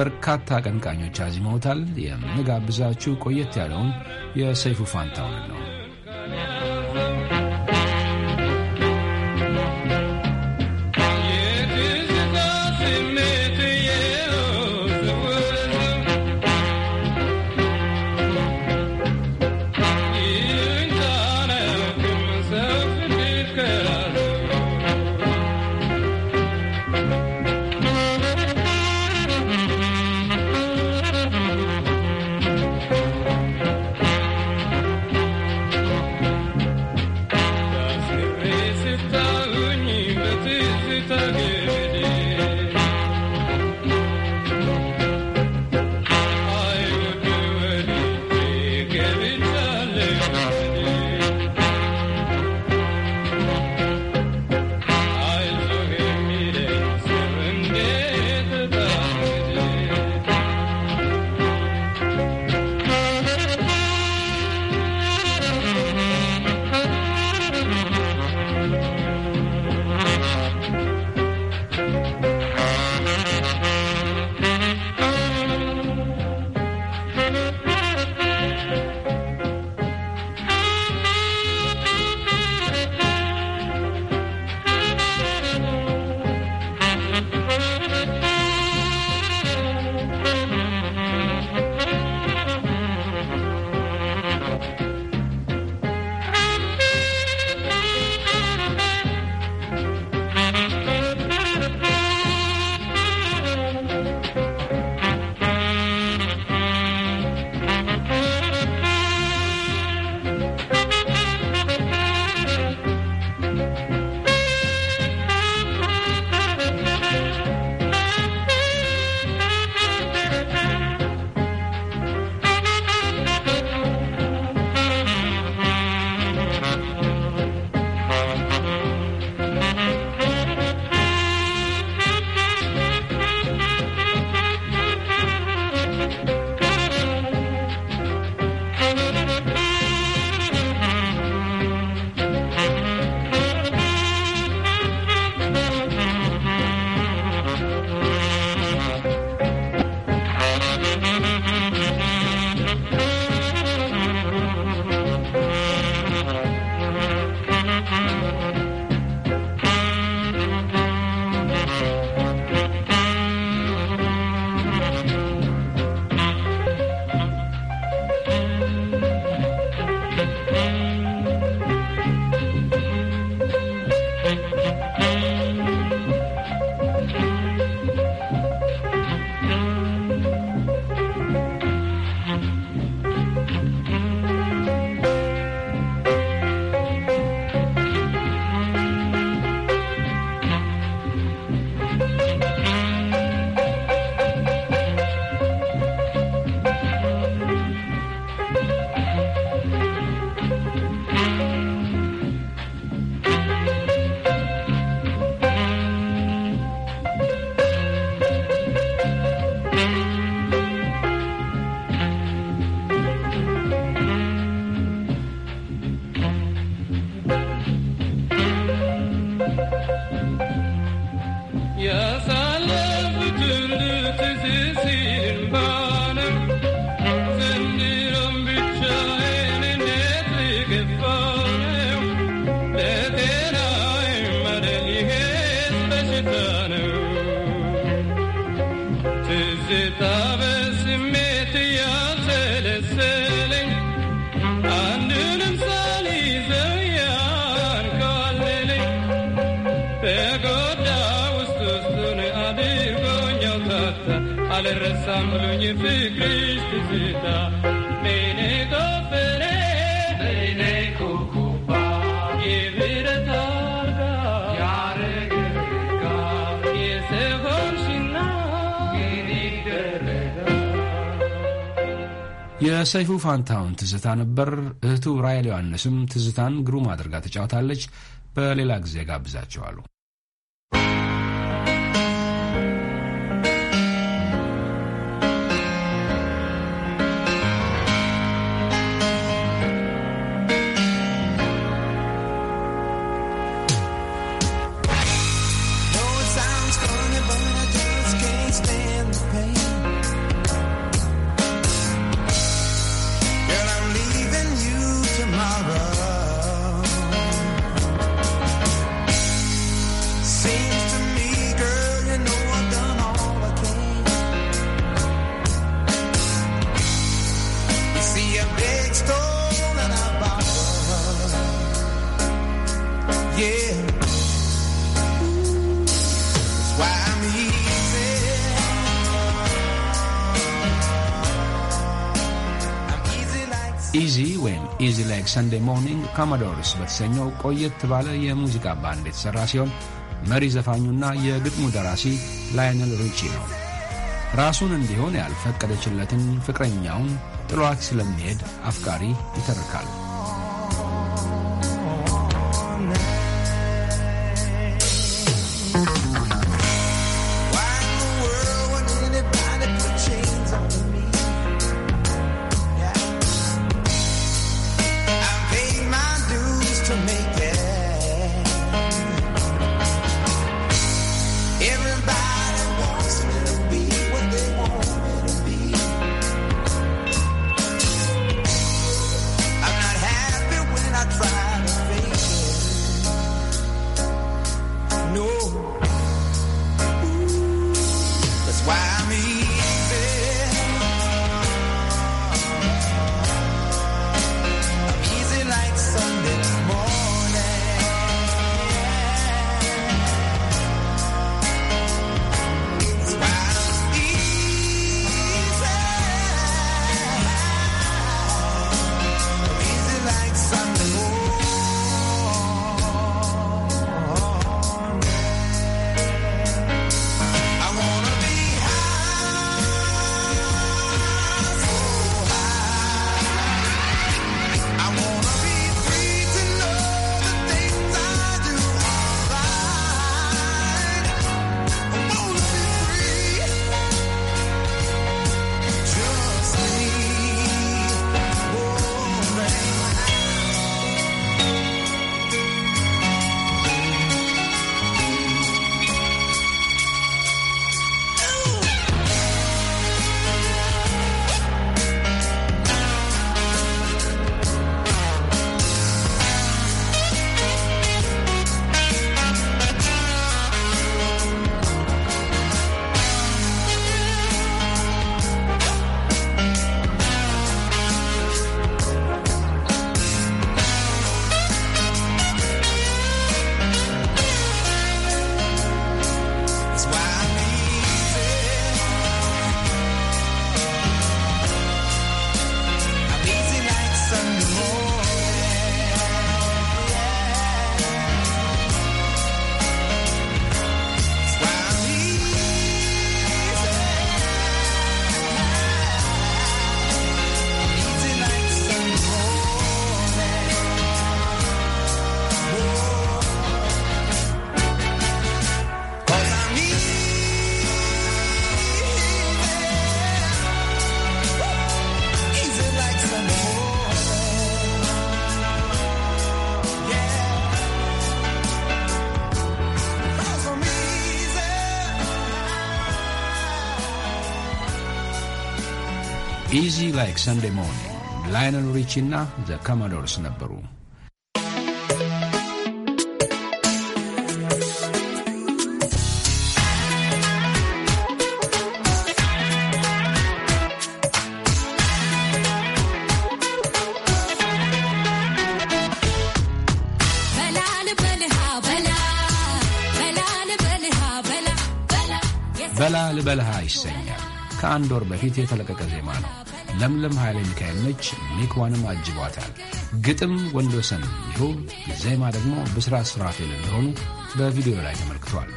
[SPEAKER 3] በርካታ አቀንቃኞች አዚመውታል። የምንጋብዛችሁ ቆየት ያለውን የሰይፉ ፋንታውን ነው። የሰይፉ ፋንታውን ትዝታ ነበር። እህቱ ራይል ዮሐንስም ትዝታን ግሩም አድርጋ ተጫውታለች። በሌላ ጊዜ ጋብዛቸዋሉ። ኢዚ ወይም ኢዚ ላይክ ሰንዴ ሞርኒንግ ካማዶርስ በተሰኘው ቆየት ባለ የሙዚቃ ባንድ የተሠራ ሲሆን መሪ ዘፋኙና የግጥሙ ደራሲ ላይነል ሪቺ ነው። ራሱን እንዲሆን ያልፈቀደችለትን ፍቅረኛውን ጥሏት ስለሚሄድ አፍቃሪ ይተርካል። ኢዚ ላይክ ሰንዴ ሞርኒንግ ላይነል ሪች እና ዘ ካማዶርስ ነበሩ። በላ ልበልሃ ይሰኛል። ከአንድ ወር በፊት የተለቀቀ ዜማ ነው። ለምለም ኃይለ ሚካኤል ነች። ሊክዋንም አጅቧታል። ግጥም ወንዶሰን ይሁን ዜማ ደግሞ ብስራት ስራፌል እንደሆኑ በቪዲዮ ላይ ተመልክቷል።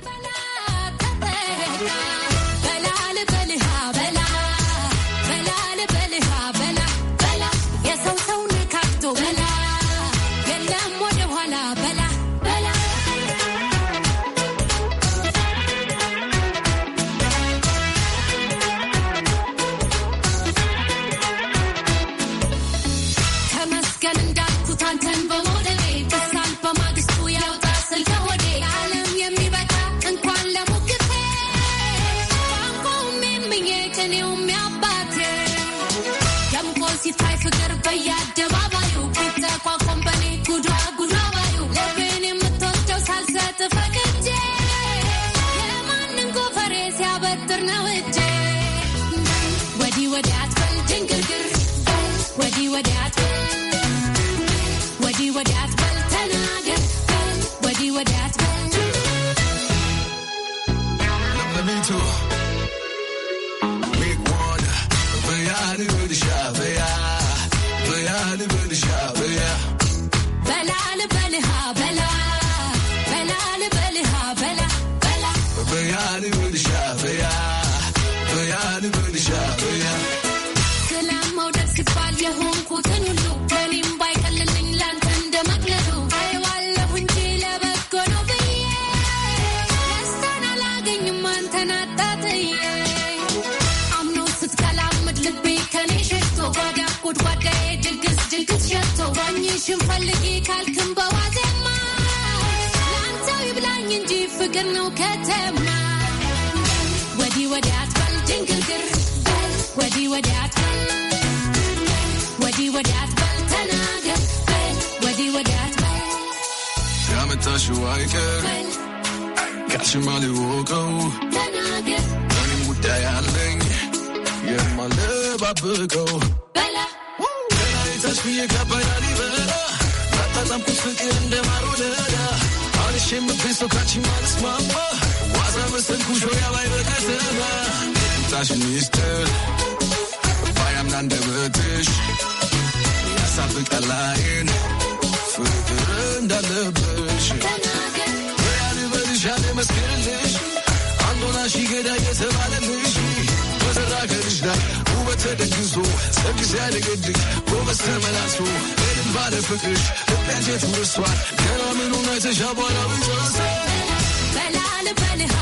[SPEAKER 6] ድንግርግር ነው ከተማ ወዲህ ወዲህ አትበል ድንግርግር ወዲህ ወዲህ አትበል ወዲህ ወዲህ አትበል ተናገር ወዲህ ወዲህ አትበል
[SPEAKER 7] ያመጣሽው አይቀር ቃልሽማ ሊወቀው
[SPEAKER 8] ተናገር
[SPEAKER 7] እኔም ጉዳይ አለኝ የማልደባብቀው በላ ተስፍዬ ገባያል ይበላ ባታጣምኩት ፍቅር እንደማሮለዳ Watching the pistol clutching my mama. Was I missing who's real like the customer? Taschen ist still. Beieinander wird ich. Das hab ich allein. Füllen alle Brüche. Real über dich alle maskierlich. Andona șige de yetevalmış. Gözü rakırışlar. ተደግሶ ሰብሻ ድግድግ ጎበዝ ተመላሶ በድን ባለ ፍቅርሽ እቅያጀት ውርሷል ገና ምን እውነትሽ አቧራዊ
[SPEAKER 6] ጨርሰ በላል በልሃ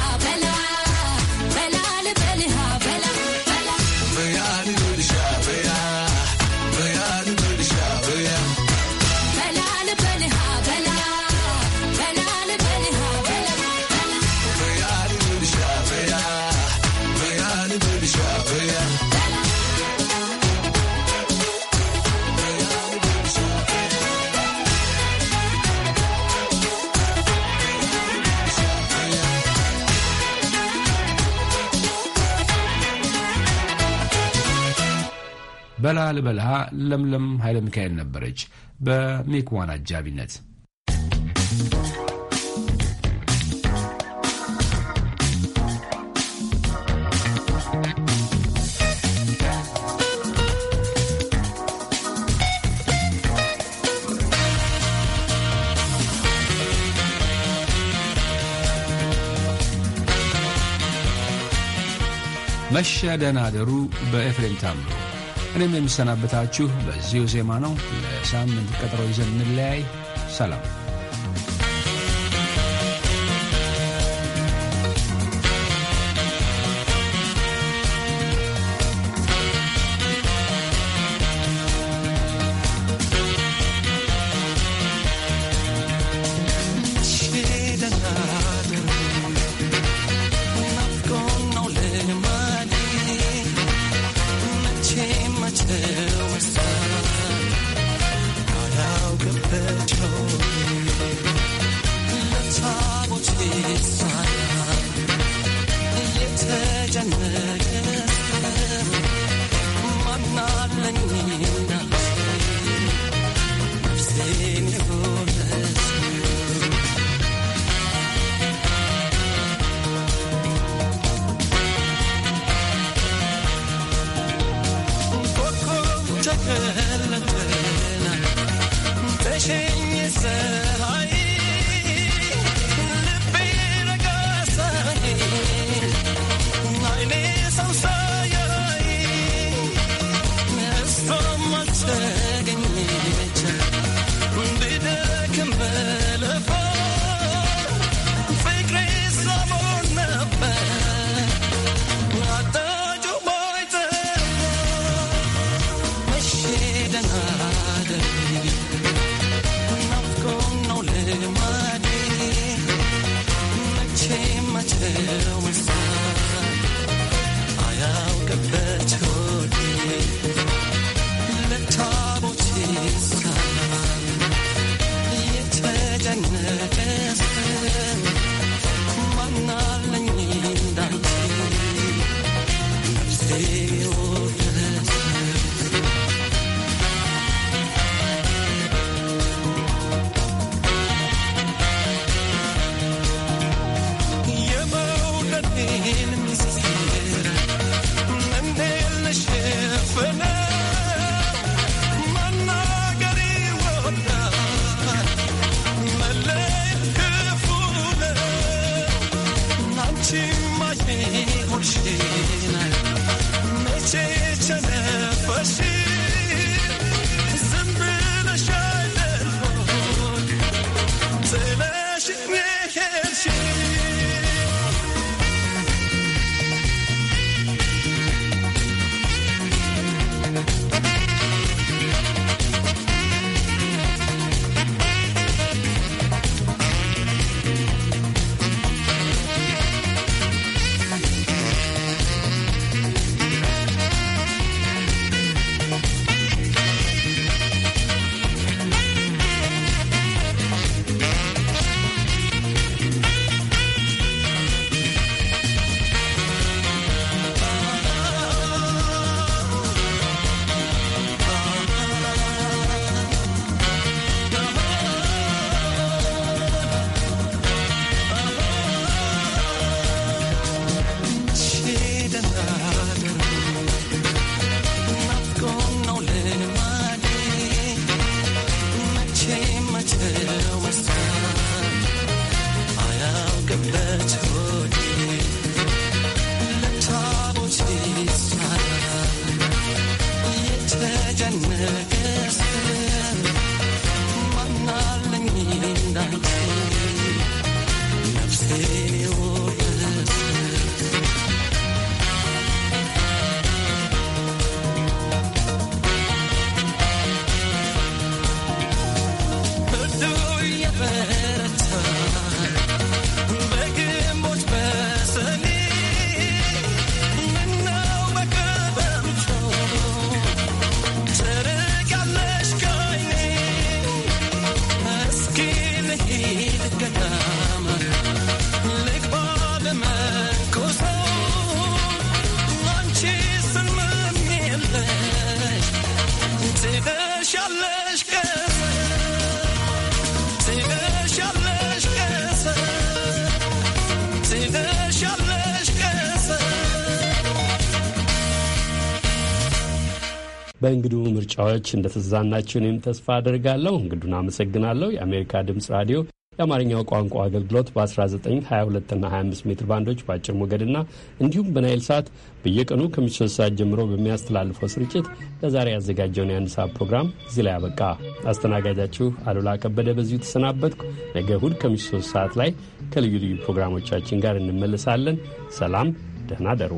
[SPEAKER 3] በላ ልበልሃ ለምለም ኃይለ ሚካኤል ነበረች በሜክዋን አጃቢነት። መሸ አደሩ በኤፍሬም ታምሮ እኔም የምሰናበታችሁ በዚሁ ዜማ ነው። ለሳምንት ቀጠሮ ይዘን እንለያይ። ሰላም
[SPEAKER 9] Muchina, noche hecha de
[SPEAKER 1] በእንግዱ ምርጫዎች እንደተዝናናችሁ እኔም ተስፋ አደርጋለሁ። እንግዱን አመሰግናለሁ። የአሜሪካ ድምፅ ራዲዮ የአማርኛው ቋንቋ አገልግሎት በ 1922 እና 25 ሜትር ባንዶች በአጭር ሞገድና እንዲሁም በናይል ሰዓት በየቀኑ ከምሽቱ ሰዓት ጀምሮ በሚያስተላልፈው ስርጭት ለዛሬ ያዘጋጀውን የአንድ ሰዓት ፕሮግራም እዚህ ላይ አበቃ። አስተናጋጃችሁ አሉላ ከበደ በዚሁ ተሰናበትኩ። ነገ እሁድ ከምሽቱ ሶስት ሰዓት ላይ ከልዩ ልዩ ፕሮግራሞቻችን ጋር እንመለሳለን። ሰላም፣ ደህና ደሩ።